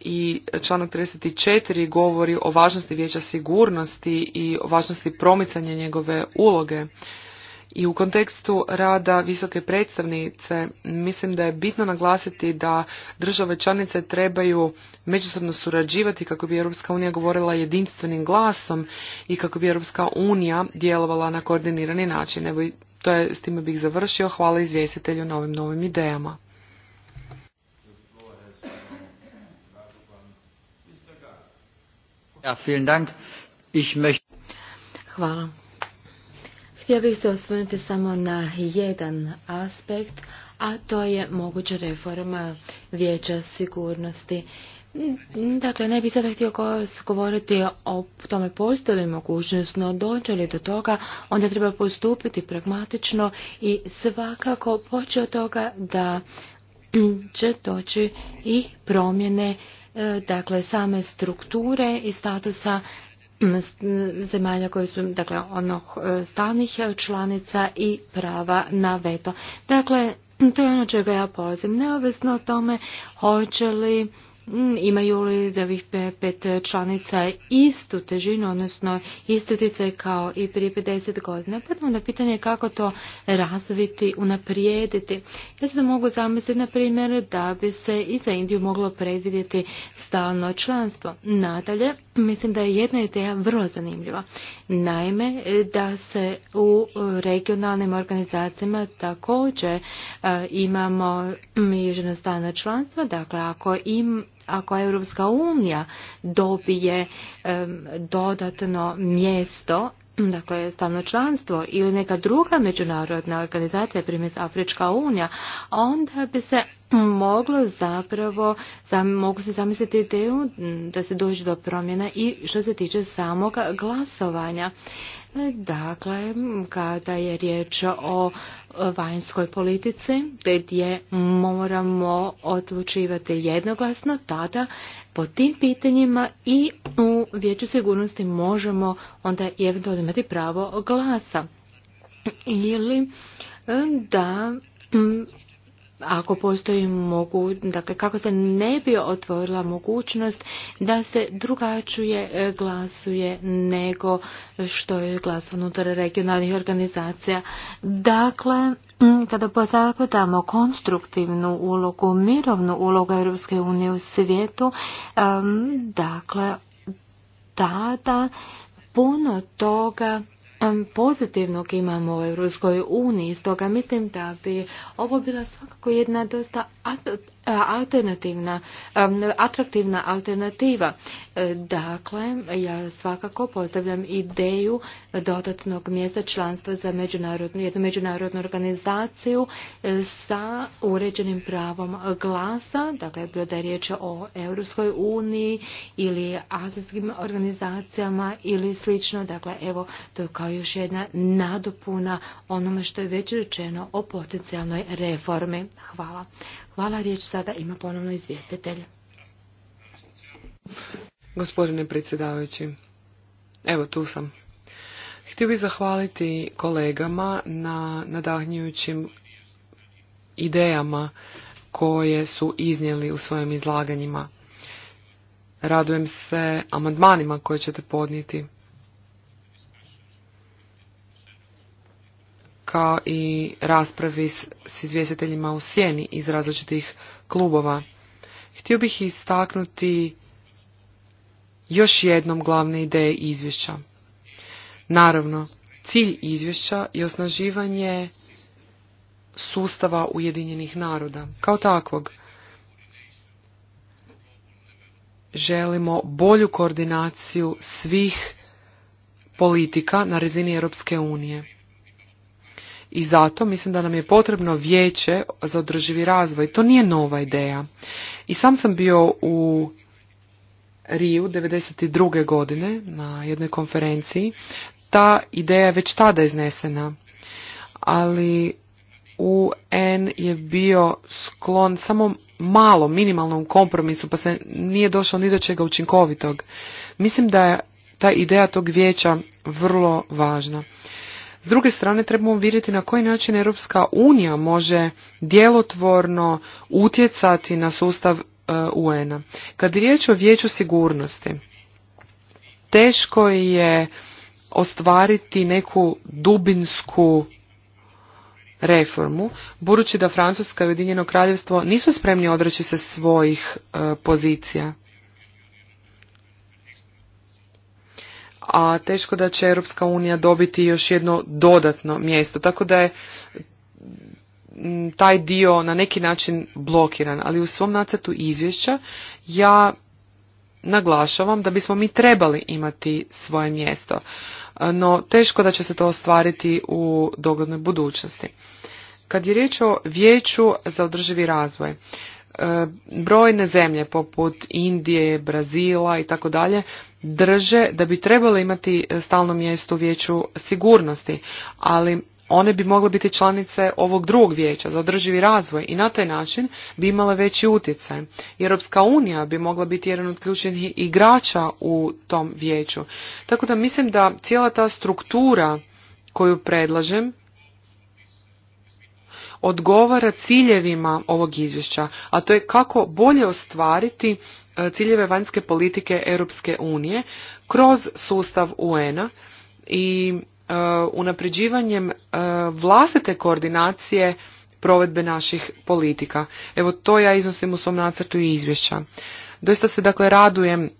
i članak 34 govori o važnosti vijeća sigurnosti i o važnosti promicanja njegove uloge. I u kontekstu rada visoke predstavnice mislim da je bitno naglasiti da države članice trebaju međusobno surađivati kako bi Europska unija govorila jedinstvenim glasom i kako bi Europska unija djelovala na koordinirani način. Evo i to je, s time bih završio. Hvala izvjestitelju na ovim novim idejama.
Ja, vielen Dank. Ich möchte... Hvala.
Htio bih se osvrnuti samo na jedan aspekt, a to je moguća reforma vijeća sigurnosti. Dakle, ne bi sada htio govoriti o tome postoji li mogućnost, no dođe li do toga, onda treba postupiti pragmatično i svakako poče od toga da [CLEARS THROAT] će doći i promjene e, dakle, same strukture i statusa zemalja koje su dakle ono stalnih članica i prava na veto. Dakle, to je ono čega ja polazim. Neovisno o tome hoće li Mm, imaju li za ovih pet članica istu težinu, odnosno istu kao i prije 50 godina. Pa onda pitanje je kako to razviti, unaprijediti. Ja se da mogu zamisliti, na primjer, da bi se i za Indiju moglo predvidjeti stalno članstvo. Nadalje, mislim da je jedna ideja vrlo zanimljiva. Naime, da se u regionalnim organizacijama također e, imamo ježeno mm, stalno članstvo, dakle ako im ako Europska unija dobije dodatno mjesto dakle stavno članstvo ili neka druga međunarodna organizacija, primjer Afrička unija, onda bi se moglo zapravo, mogu se zamisliti ideju da se dođe do promjena i što se tiče samog glasovanja. Dakle, kada je riječ o vanjskoj politici, gdje moramo odlučivati jednoglasno, tada po tim pitanjima i u vijeću sigurnosti možemo onda eventualno imati pravo glasa. Ili da ako postoji mogu, dakle kako se ne bi otvorila mogućnost da se drugačije e, glasuje nego što je glas unutar regionalnih organizacija. Dakle, kada pozagledamo konstruktivnu ulogu, mirovnu ulogu Europske unije u svijetu, dakle, tada puno toga pozitivnog imamo u Europskoj uniji, stoga mislim da bi ovo bila svakako jedna dosta alternativna, atraktivna alternativa. E, dakle, ja svakako pozdravljam ideju dodatnog mjesta članstva za jednu međunarodnu organizaciju e, sa uređenim pravom glasa, dakle, bilo da je riječ o Europskoj uniji ili azijskim organizacijama ili slično. Dakle, evo, to je kao još jedna nadopuna onome što je već rečeno o potencijalnoj reformi. Hvala. Hvala, riječ sada ima
ponovno izvjestitelj. Gospodine predsjedavajući, evo tu sam. Htio bih zahvaliti kolegama na nadahnjujućim idejama koje su iznijeli u svojim izlaganjima. Radujem se amandmanima koje ćete podnijeti. kao i raspravi s, s izvjestiteljima u sjeni iz različitih klubova. Htio bih istaknuti još jednom glavne ideje izvješća. Naravno, cilj izvješća je osnaživanje sustava Ujedinjenih naroda. Kao takvog, želimo bolju koordinaciju svih politika na razini Europske unije. I zato mislim da nam je potrebno vijeće za održivi razvoj. To nije nova ideja. I sam sam bio u Riju 1992. godine na jednoj konferenciji. Ta ideja je već tada iznesena, ali UN je bio sklon samo malo, minimalnom kompromisu, pa se nije došlo ni do čega učinkovitog. Mislim da je ta ideja tog vijeća vrlo važna. S druge strane trebamo vidjeti na koji način Europska unija može djelotvorno utjecati na sustav eh, UN-a. Kad je riječ o vijeću sigurnosti, teško je ostvariti neku dubinsku reformu, budući da Francuska i Ujedinjeno kraljevstvo nisu spremni odreći se svojih eh, pozicija. a teško da će Europska unija dobiti još jedno dodatno mjesto. Tako da je mm, taj dio na neki način blokiran, ali u svom nacrtu izvješća ja naglašavam da bismo mi trebali imati svoje mjesto, e, no teško da će se to ostvariti u doglednoj budućnosti. Kad je riječ o vijeću za održivi razvoj, E, brojne zemlje poput Indije, Brazila i tako dalje drže da bi trebale imati stalno mjesto u vijeću sigurnosti, ali one bi mogle biti članice ovog drugog vijeća za održivi razvoj i na taj način bi imale veći utjecaj. Europska unija bi mogla biti jedan od ključnih igrača u tom vijeću. Tako da mislim da cijela ta struktura koju predlažem odgovara ciljevima ovog izvješća, a to je kako bolje ostvariti e, ciljeve vanjske politike Europske unije kroz sustav UN-a i e, unapređivanjem e, vlastite koordinacije provedbe naših politika. Evo to ja iznosim u svom nacrtu i izvješća. Doista se dakle radujem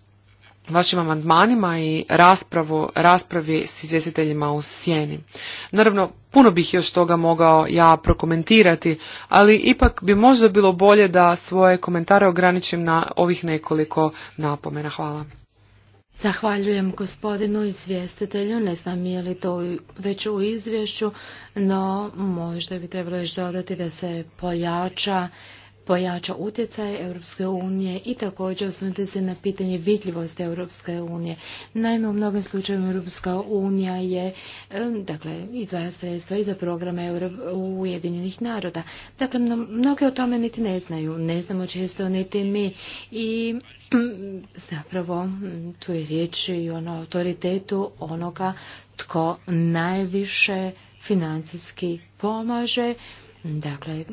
vašim amandmanima i raspravu, raspravi s izvjestiteljima u sjeni. Naravno, puno bih još toga mogao ja prokomentirati, ali ipak bi možda bilo bolje da svoje komentare ograničim na ovih nekoliko napomena. Hvala.
Zahvaljujem gospodinu izvjestitelju, ne znam je li to već u izvješću, no možda bi trebalo još dodati da se pojača pojača utjecaj Europske unije i također osvrnuti se na pitanje vidljivosti Europske unije. Naime, u mnogim slučajevima Europska unija je, dakle, izdvaja sredstva i za programe Ujedinjenih naroda. Dakle, mnoge o tome niti ne znaju, ne znamo često niti mi i [CLEARS THROAT] zapravo tu je riječ i o autoritetu onoga tko najviše financijski pomaže, dakle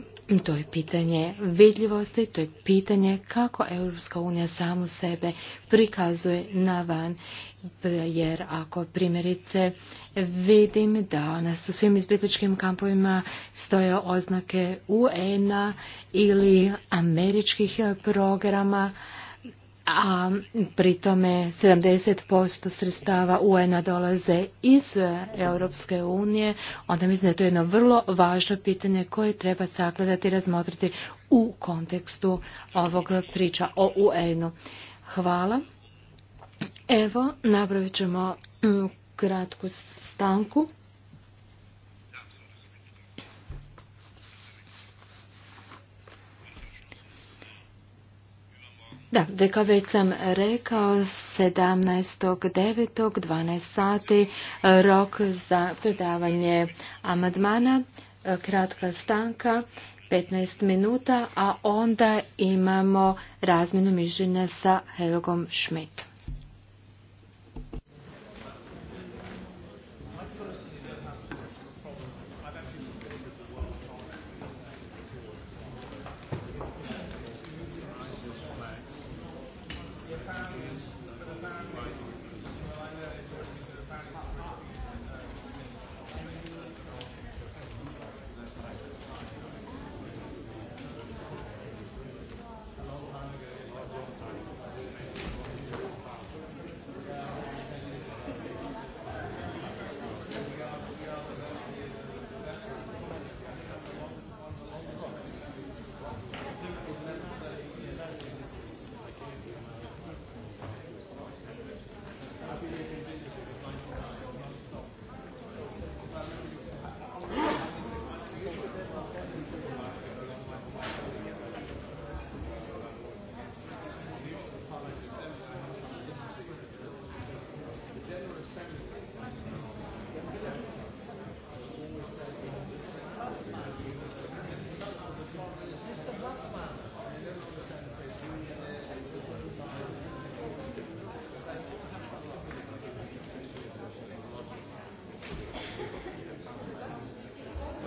to je pitanje vidljivosti, to je pitanje kako Europska unija samu sebe prikazuje na van, jer ako primjerice vidim da nas u svim izbjegličkim kampovima stoje oznake UN-a ili američkih programa, a pri tome 70% sredstava UN-a dolaze iz Europske unije, onda mislim da je to jedno vrlo važno pitanje koje treba sagledati i razmotriti u kontekstu ovog priča o UN-u. Hvala. Evo, napravit ćemo mm, kratku stanku. Da, kao već sam rekao, 17.9.12 sati, rok za predavanje amadmana, kratka stanka, 15 minuta, a onda imamo razminu mišljenja sa Helgom Schmidt.